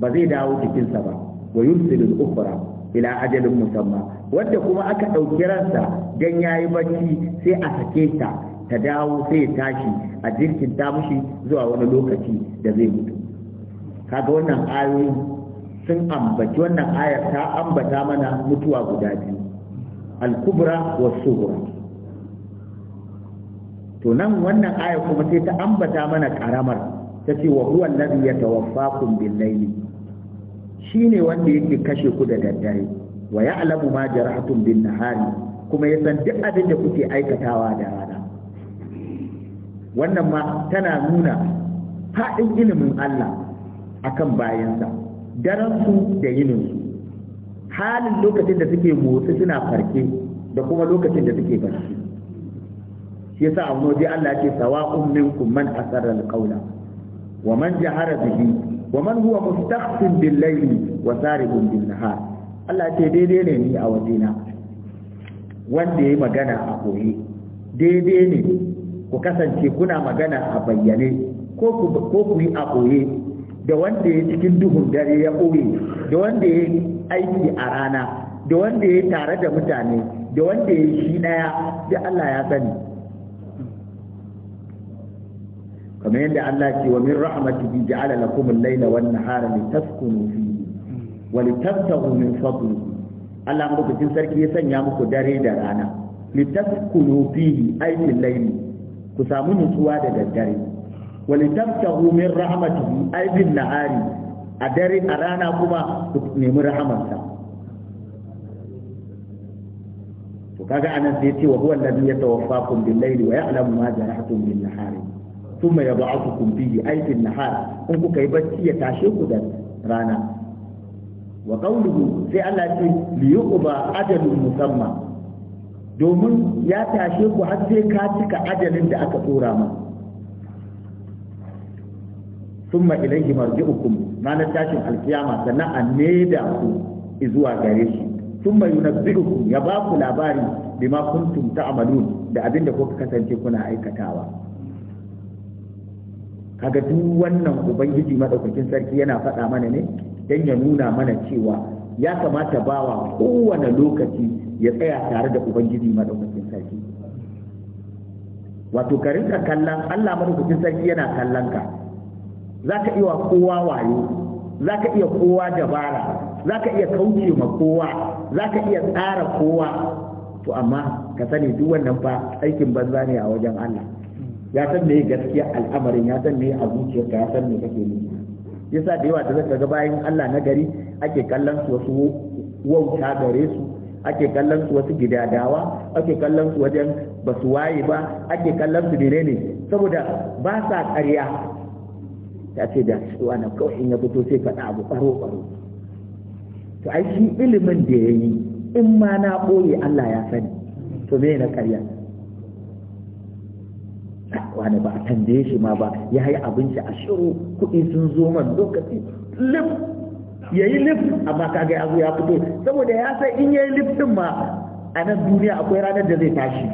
ba zai dawo jikinsa ba wa al ukhra ila ajalin musamma wanda kuma aka ɗauki ransa dan yayi bacci sai a sake ta ta dawo sai ya tashi a jirkin ta mishi zuwa wani lokaci da zai mutu kaga wannan ayoyi sun ambaci wannan ayar ta ambata mana mutuwa guda biyu al-kubra wa sughra to nan wannan aya kuma sai ta ambata mana karamar ta ce wa huwa allazi yatawaffakum bil layli shine wanda yake kashe ku da daddare wa ya'lamu ma jarahatum bin nahari kuma ya san duk abin da kuke aikatawa da rana wannan ma tana nuna faɗin ilimin Allah akan bayansa daransu da yininsu halin lokacin da suke motsi suna farke da kuma lokacin da suke barci shi yasa abu ne Allah ce sawa'un minkum man asarra alqawla wa man jahara bihi wa man huwa mustaqfin bil layli wa saribun bin nahar Allah ce daidai ne ni a wajena wanda yayi magana a koyi daidai ne ku kasance kuna magana a bayyane ko ku yi a koyi da wanda ya cikin duhun dare ya ɓoye da wanda ya aiki a rana da wanda ya tare da mutane da wanda ya shi ɗaya da Allah ya sani kamar yadda Allah ke wa min rahmatihi ja'ala lakum al-laila wan-nahara litaskunu fihi wa litabtaghu min fadlihi Allah mu madaukakin sarki ya sanya muku dare da rana litaskunu fihi aikin laili ku samu nutsuwa da daddare wa litabtaghu min rahmatihi aikin nahari a dare a rana kuma ku nemi rahamarsa to kaga anan sai ya ce wa huwa alladhi yatawaffakum bil-laili wa ya'lamu ma jarahtum bin-nahari kuma ya ba'aku kun aikin nahar in kuka yi bacci ya tashe ku da rana wa qawluhu sai Allah ya ce li yuqba ajalun musamma domin ya tashe ku har sai ka cika ajalin da aka tsora ma summa ilaihi marji'ukum ranar tashin alkiyama sannan a da ku zuwa gare shi summa yunabbi'ukum ya ba ku labari bima kuntum ta'malun da abinda da kuka kasance kuna aikatawa kaga duk wannan ubangiji madaukakin sarki yana faɗa mana ne dan ya nuna mana cewa ya kamata bawa kowane lokaci ya tsaya tare da ubangiji madaukakin sarki wato ka rinka kallon Allah madaukakin sarki yana kallon ka zaka iya kowa wayo zaka iya kowa dabara zaka iya kauce ma kowa zaka iya tsara kowa to amma ka sani duk wannan fa aikin banza ne a wajen Allah ya san me gaskiya al'amarin ya san me a zuciyarka ya san me kake nufi yasa da yawa da zaka ga bayan Allah na gari ake kallon su wasu wauta gare su ake kallon su wasu gidadawa ake kallon su wajen ba su waye ba ake kallon su ne saboda ba sa ƙarya ta ce da cewa na kawai in ya fito sai faɗa abu ɓaro ɓaro to ai shi ilimin da ya yi in ma na ɓoye Allah ya sani to me na ƙarya wani ba a tambaye shi ma ba ya yi abinci a shiru kuɗi sun zo man lokaci lif ya yi lif amma kaga ya zo ya fito saboda ya san in ya yi lif ɗin ma a nan duniya akwai ranar da zai tashi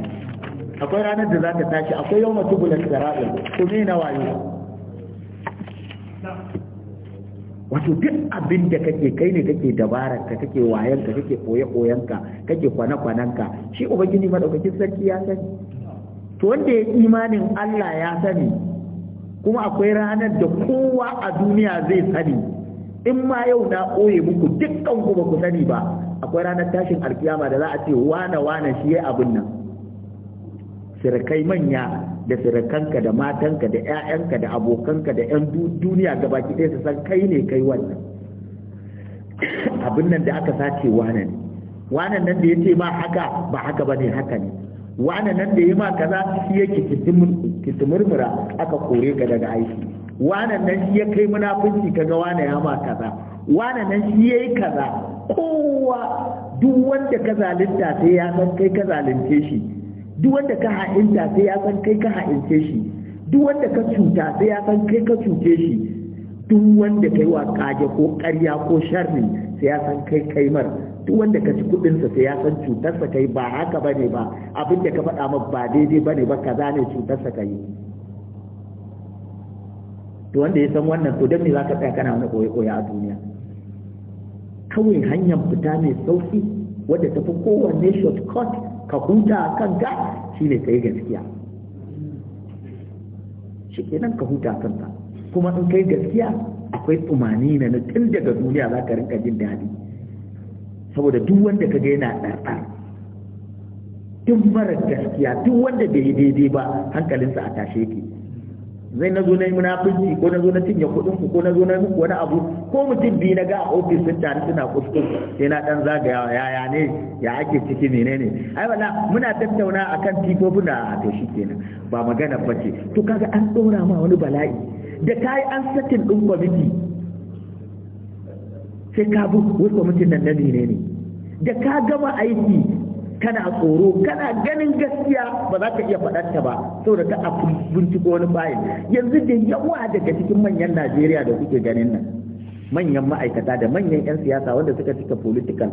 akwai ranar da za ta tashi akwai bulan tubular ku ne na wayo wato duk abin da kake kai ne kake dabarar ka kake wayan ka kake koye koyen ka kake kwana kwanan ka shi ubangiji madaukakin sarki ya sani to wanda ya imanin Allah ya sani kuma akwai ranar da kowa a duniya zai sani in ma yau na ɓoye muku dukkan ku ba ku sani ba akwai ranar tashin alkiyama da za a ce wane wane shi ya abin nan sirkai manya da sirkanka da matanka da ƴaƴanka da abokanka da ƴan duniya gaba ɗaya su san kai ne kai wannan abin nan da aka sace wane ne wane nan da ya ce ma haka ba haka ba ne haka ne wani nan da yi ma kaza shi yake kitimurmura aka kore ka daga aiki wani nan shi ya kai munafunci ga wani ya ma kaza wani nan shi ya yi kaza kowa duk wanda ka zalunta sai ya san kai ka zalunce shi duk wanda ka ha'inta sai ya san kai ka ha'ince shi duk wanda ka cuta sai ya san kai ka cuce shi duk wanda kai wa kaje ko ƙarya ko sharri sai ya san kai kaimar duk wanda ka ci kuɗinsa sai ya san cutarsa kai ba haka ba ne ba abin da ka faɗa ma ba daidai ba ne ba kaza ne cutarsa kai to wanda ya san wannan to don me za ka tsaya kana wani koyo koya a duniya kawai hanyar fita mai sauki wadda tafi kowanne shortcut ka huta a kanka shine ka yi gaskiya shi kenan ka huta a kanka kuma in ka yi gaskiya akwai tumani na tun daga duniya za ka rinka jin daɗi saboda duk wanda kaga yana ɗarɗa duk mara gaskiya duk wanda bai daidai ba hankalinsa a tashe yake zai na zo na yi munafunci ko na zo na cinye kudinku, ko na zo na muku wani abu ko mutum biyu na ga a ofis sun tare suna kuskure sai na ɗan zagayawa yaya ne ya ake ciki menene ai wala muna tattauna akan tifofuna to kenan ba magana ce to kaga an ɗora ma wani bala'i da yi an satin ɗin kwamiti sai ka bi wasu kwamitin nan nabi ne ne da ka gama aiki kana tsoro kana ganin gaskiya ba za ka iya ta ba saboda ka a binciko wani bayan yanzu da yawa daga cikin manyan najeriya da kuke ganin nan manyan ma'aikata da manyan 'yan siyasa wanda suka cika political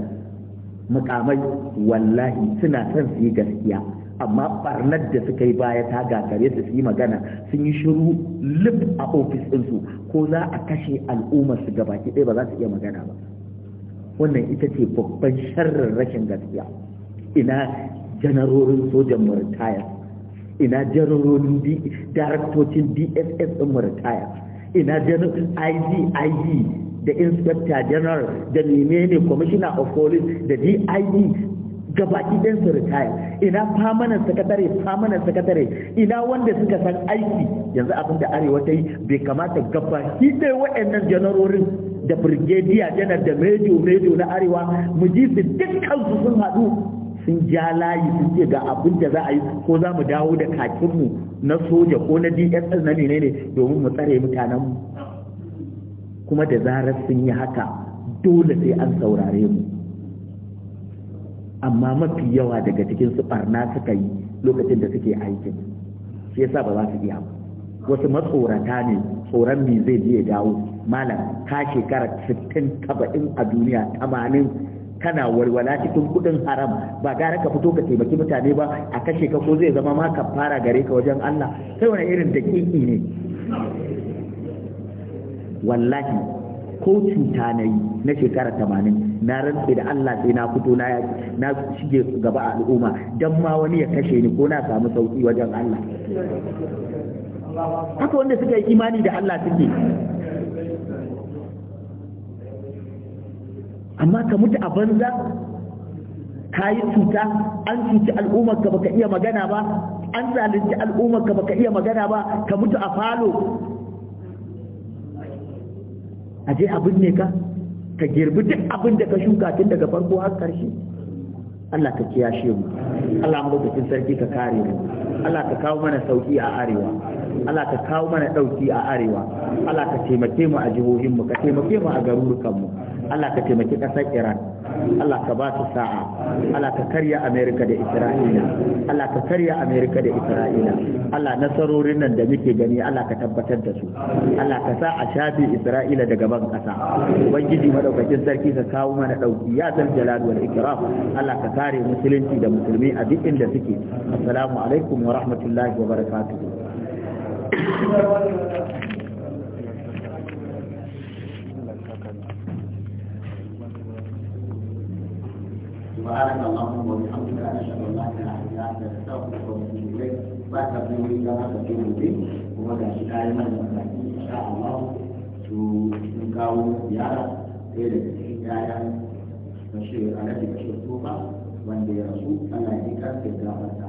mukamai wallahi suna son su yi gaskiya amma barnar da suka yi baya ta gagare su su yi magana sun yi shiru lip a ofis ɗinsu ko za a kashe al'ummar su gabaki ɗaya ba za su iya magana ba wannan ita ce babban sharrin rashin gaskiya ina janarorin sojan muritaya ina janarorin daraktocin dss ɗin muritaya ina janarorin igig da inspector general da menene commissioner of police da dig gabaki ɗin su ritaya ina famanan sakatare famanan sakatare ina wanda suka san aiki yanzu abin da arewa ta yi bai kamata gabaki ɗaya waɗannan janarorin da birgediya janar da mejo mejo na arewa mu ji su dukkan su sun haɗu sun ja layi sun ce ga abin da za a yi ko za mu dawo da kakin mu na soja ko na dss na ne ne domin mu tsare mutanenmu kuma da zarar sun yi haka dole sai an saurare mu amma mafi yawa daga cikin su barna suka yi lokacin da suke aikin shi yasa ba za su iya wasu matsorata ne tsoron me zai je dawo malam ka shekara 60 kaba'in a duniya 80 kana walwala cikin kudin haram ba gara ka fito ka taimaki mutane ba a kashe ka ko zai zama ma ka fara gare ka wajen Allah sai wani irin daƙiƙi ne wallahi ko cuta na yi na shekara tamanin na rantse da Allah sai na fito na na shige gaba a al'umma dan ma wani ya kashe ni ko na samu sauki wajen Allah haka wanda suka yi imani da Allah suke amma ka mutu a banza ka yi cuta an cuci al'ummar ka baka iya magana ba an zalunci al'ummar ka baka iya magana ba ka mutu a falo a je abin ne ka ka girbi duk abin da ka shuka tun daga farko har ƙarshe Allah ka kiyashe mu Allah cin sarki ka kare mu Allah ka kawo mana sauki a arewa Allah ka kawo mana dauki a arewa Allah ka taimake mu a jihohin mu ka taimake mu a garurukan mu Allah ka taimaki ƙasar Iran Allah ka ba su sa'a Allah ka karya Amerika da Isra'ila Allah ka karya Amerika da Isra'ila Allah nasarorin nan da muke gani Allah ka tabbatar da su Allah ka sa a shafi Isra'ila daga ban ƙasa ubangiji madaukakin sarki ka kawo mana ɗauki. ya san jalal wal ikram Allah ka kare musulunci da musulmi a duk inda suke assalamu alaikum wa rahmatullahi wa barakatu. سبحانك اللهم وبحمدك أشهد أن لا إله إلا أنت أستغفرك وأتوب إليك وأتقبل إلى ما تقول به وبدأ شكاية من المساكين إن شاء الله تنكاو زيارة إلى الحكاية بشير التي بشير طوبة وأن يرسول ألا يذكر في الدراسة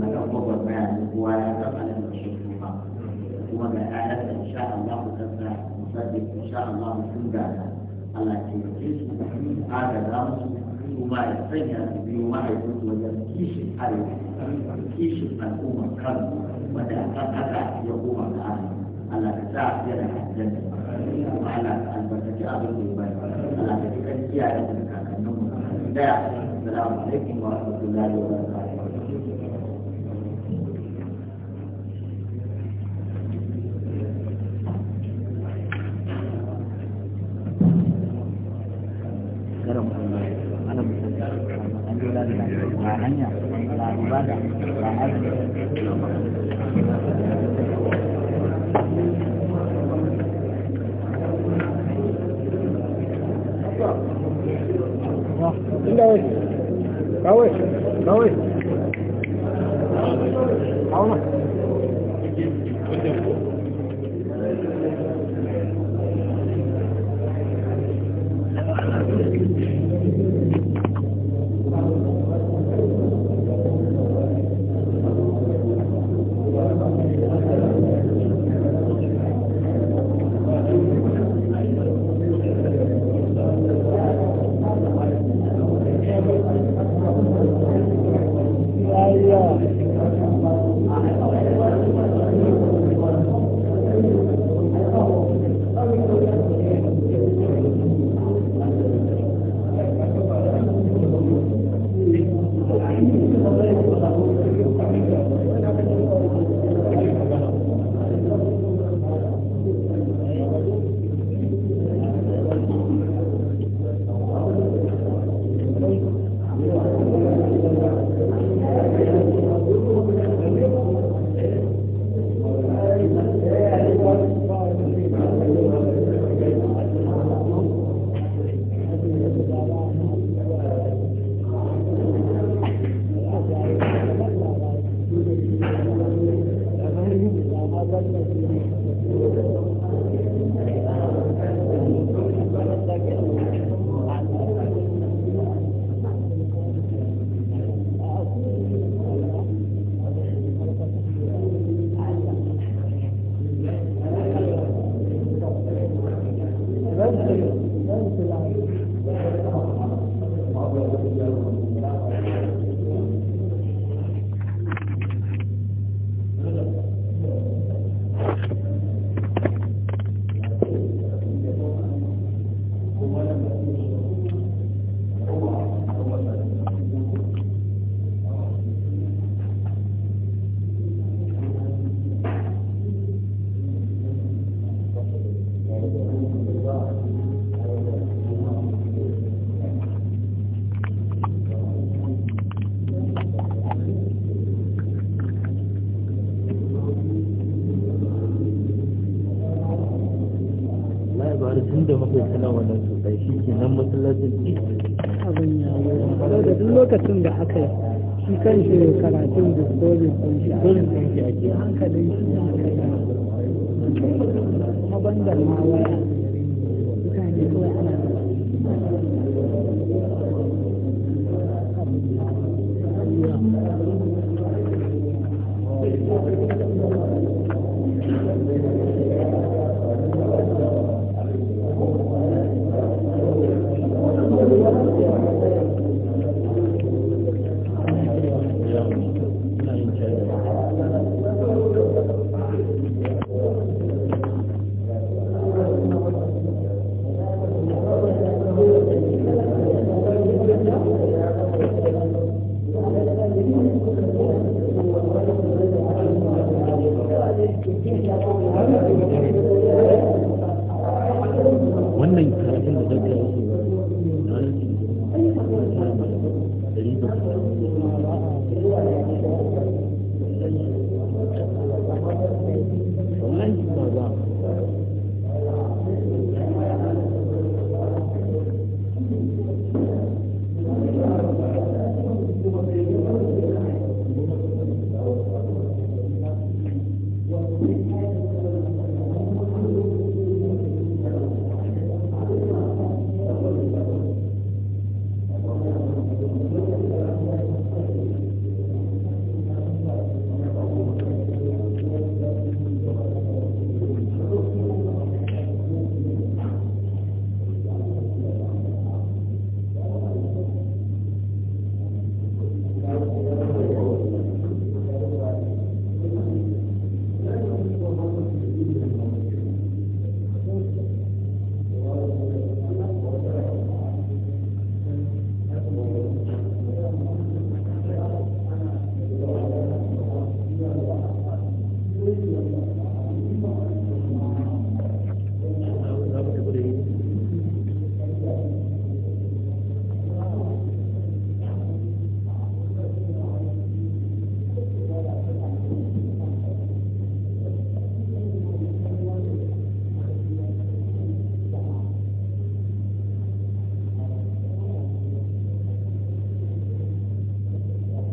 ما تقبل بيان ويعتقد أن بشير طوبة وبدأ إن شاء الله تفتح مصدق إن شاء الله تنكاو الله يكفيك هذا دراسة kuma ya sanya su biyu mahaifinsu wajen kishin arewa kishin al'ummar kan wanda kan haka ya koma ga Allah ka sa yana hajjan da kuma Allah ka albarkaci abin da ya bai Allah ka ji kan kiyaye da kakanninmu daya assalamu alaikum wa rahmatullahi wa barakatuh ba hanya ba ibadah ba azumi Kawin, kawin, kawin.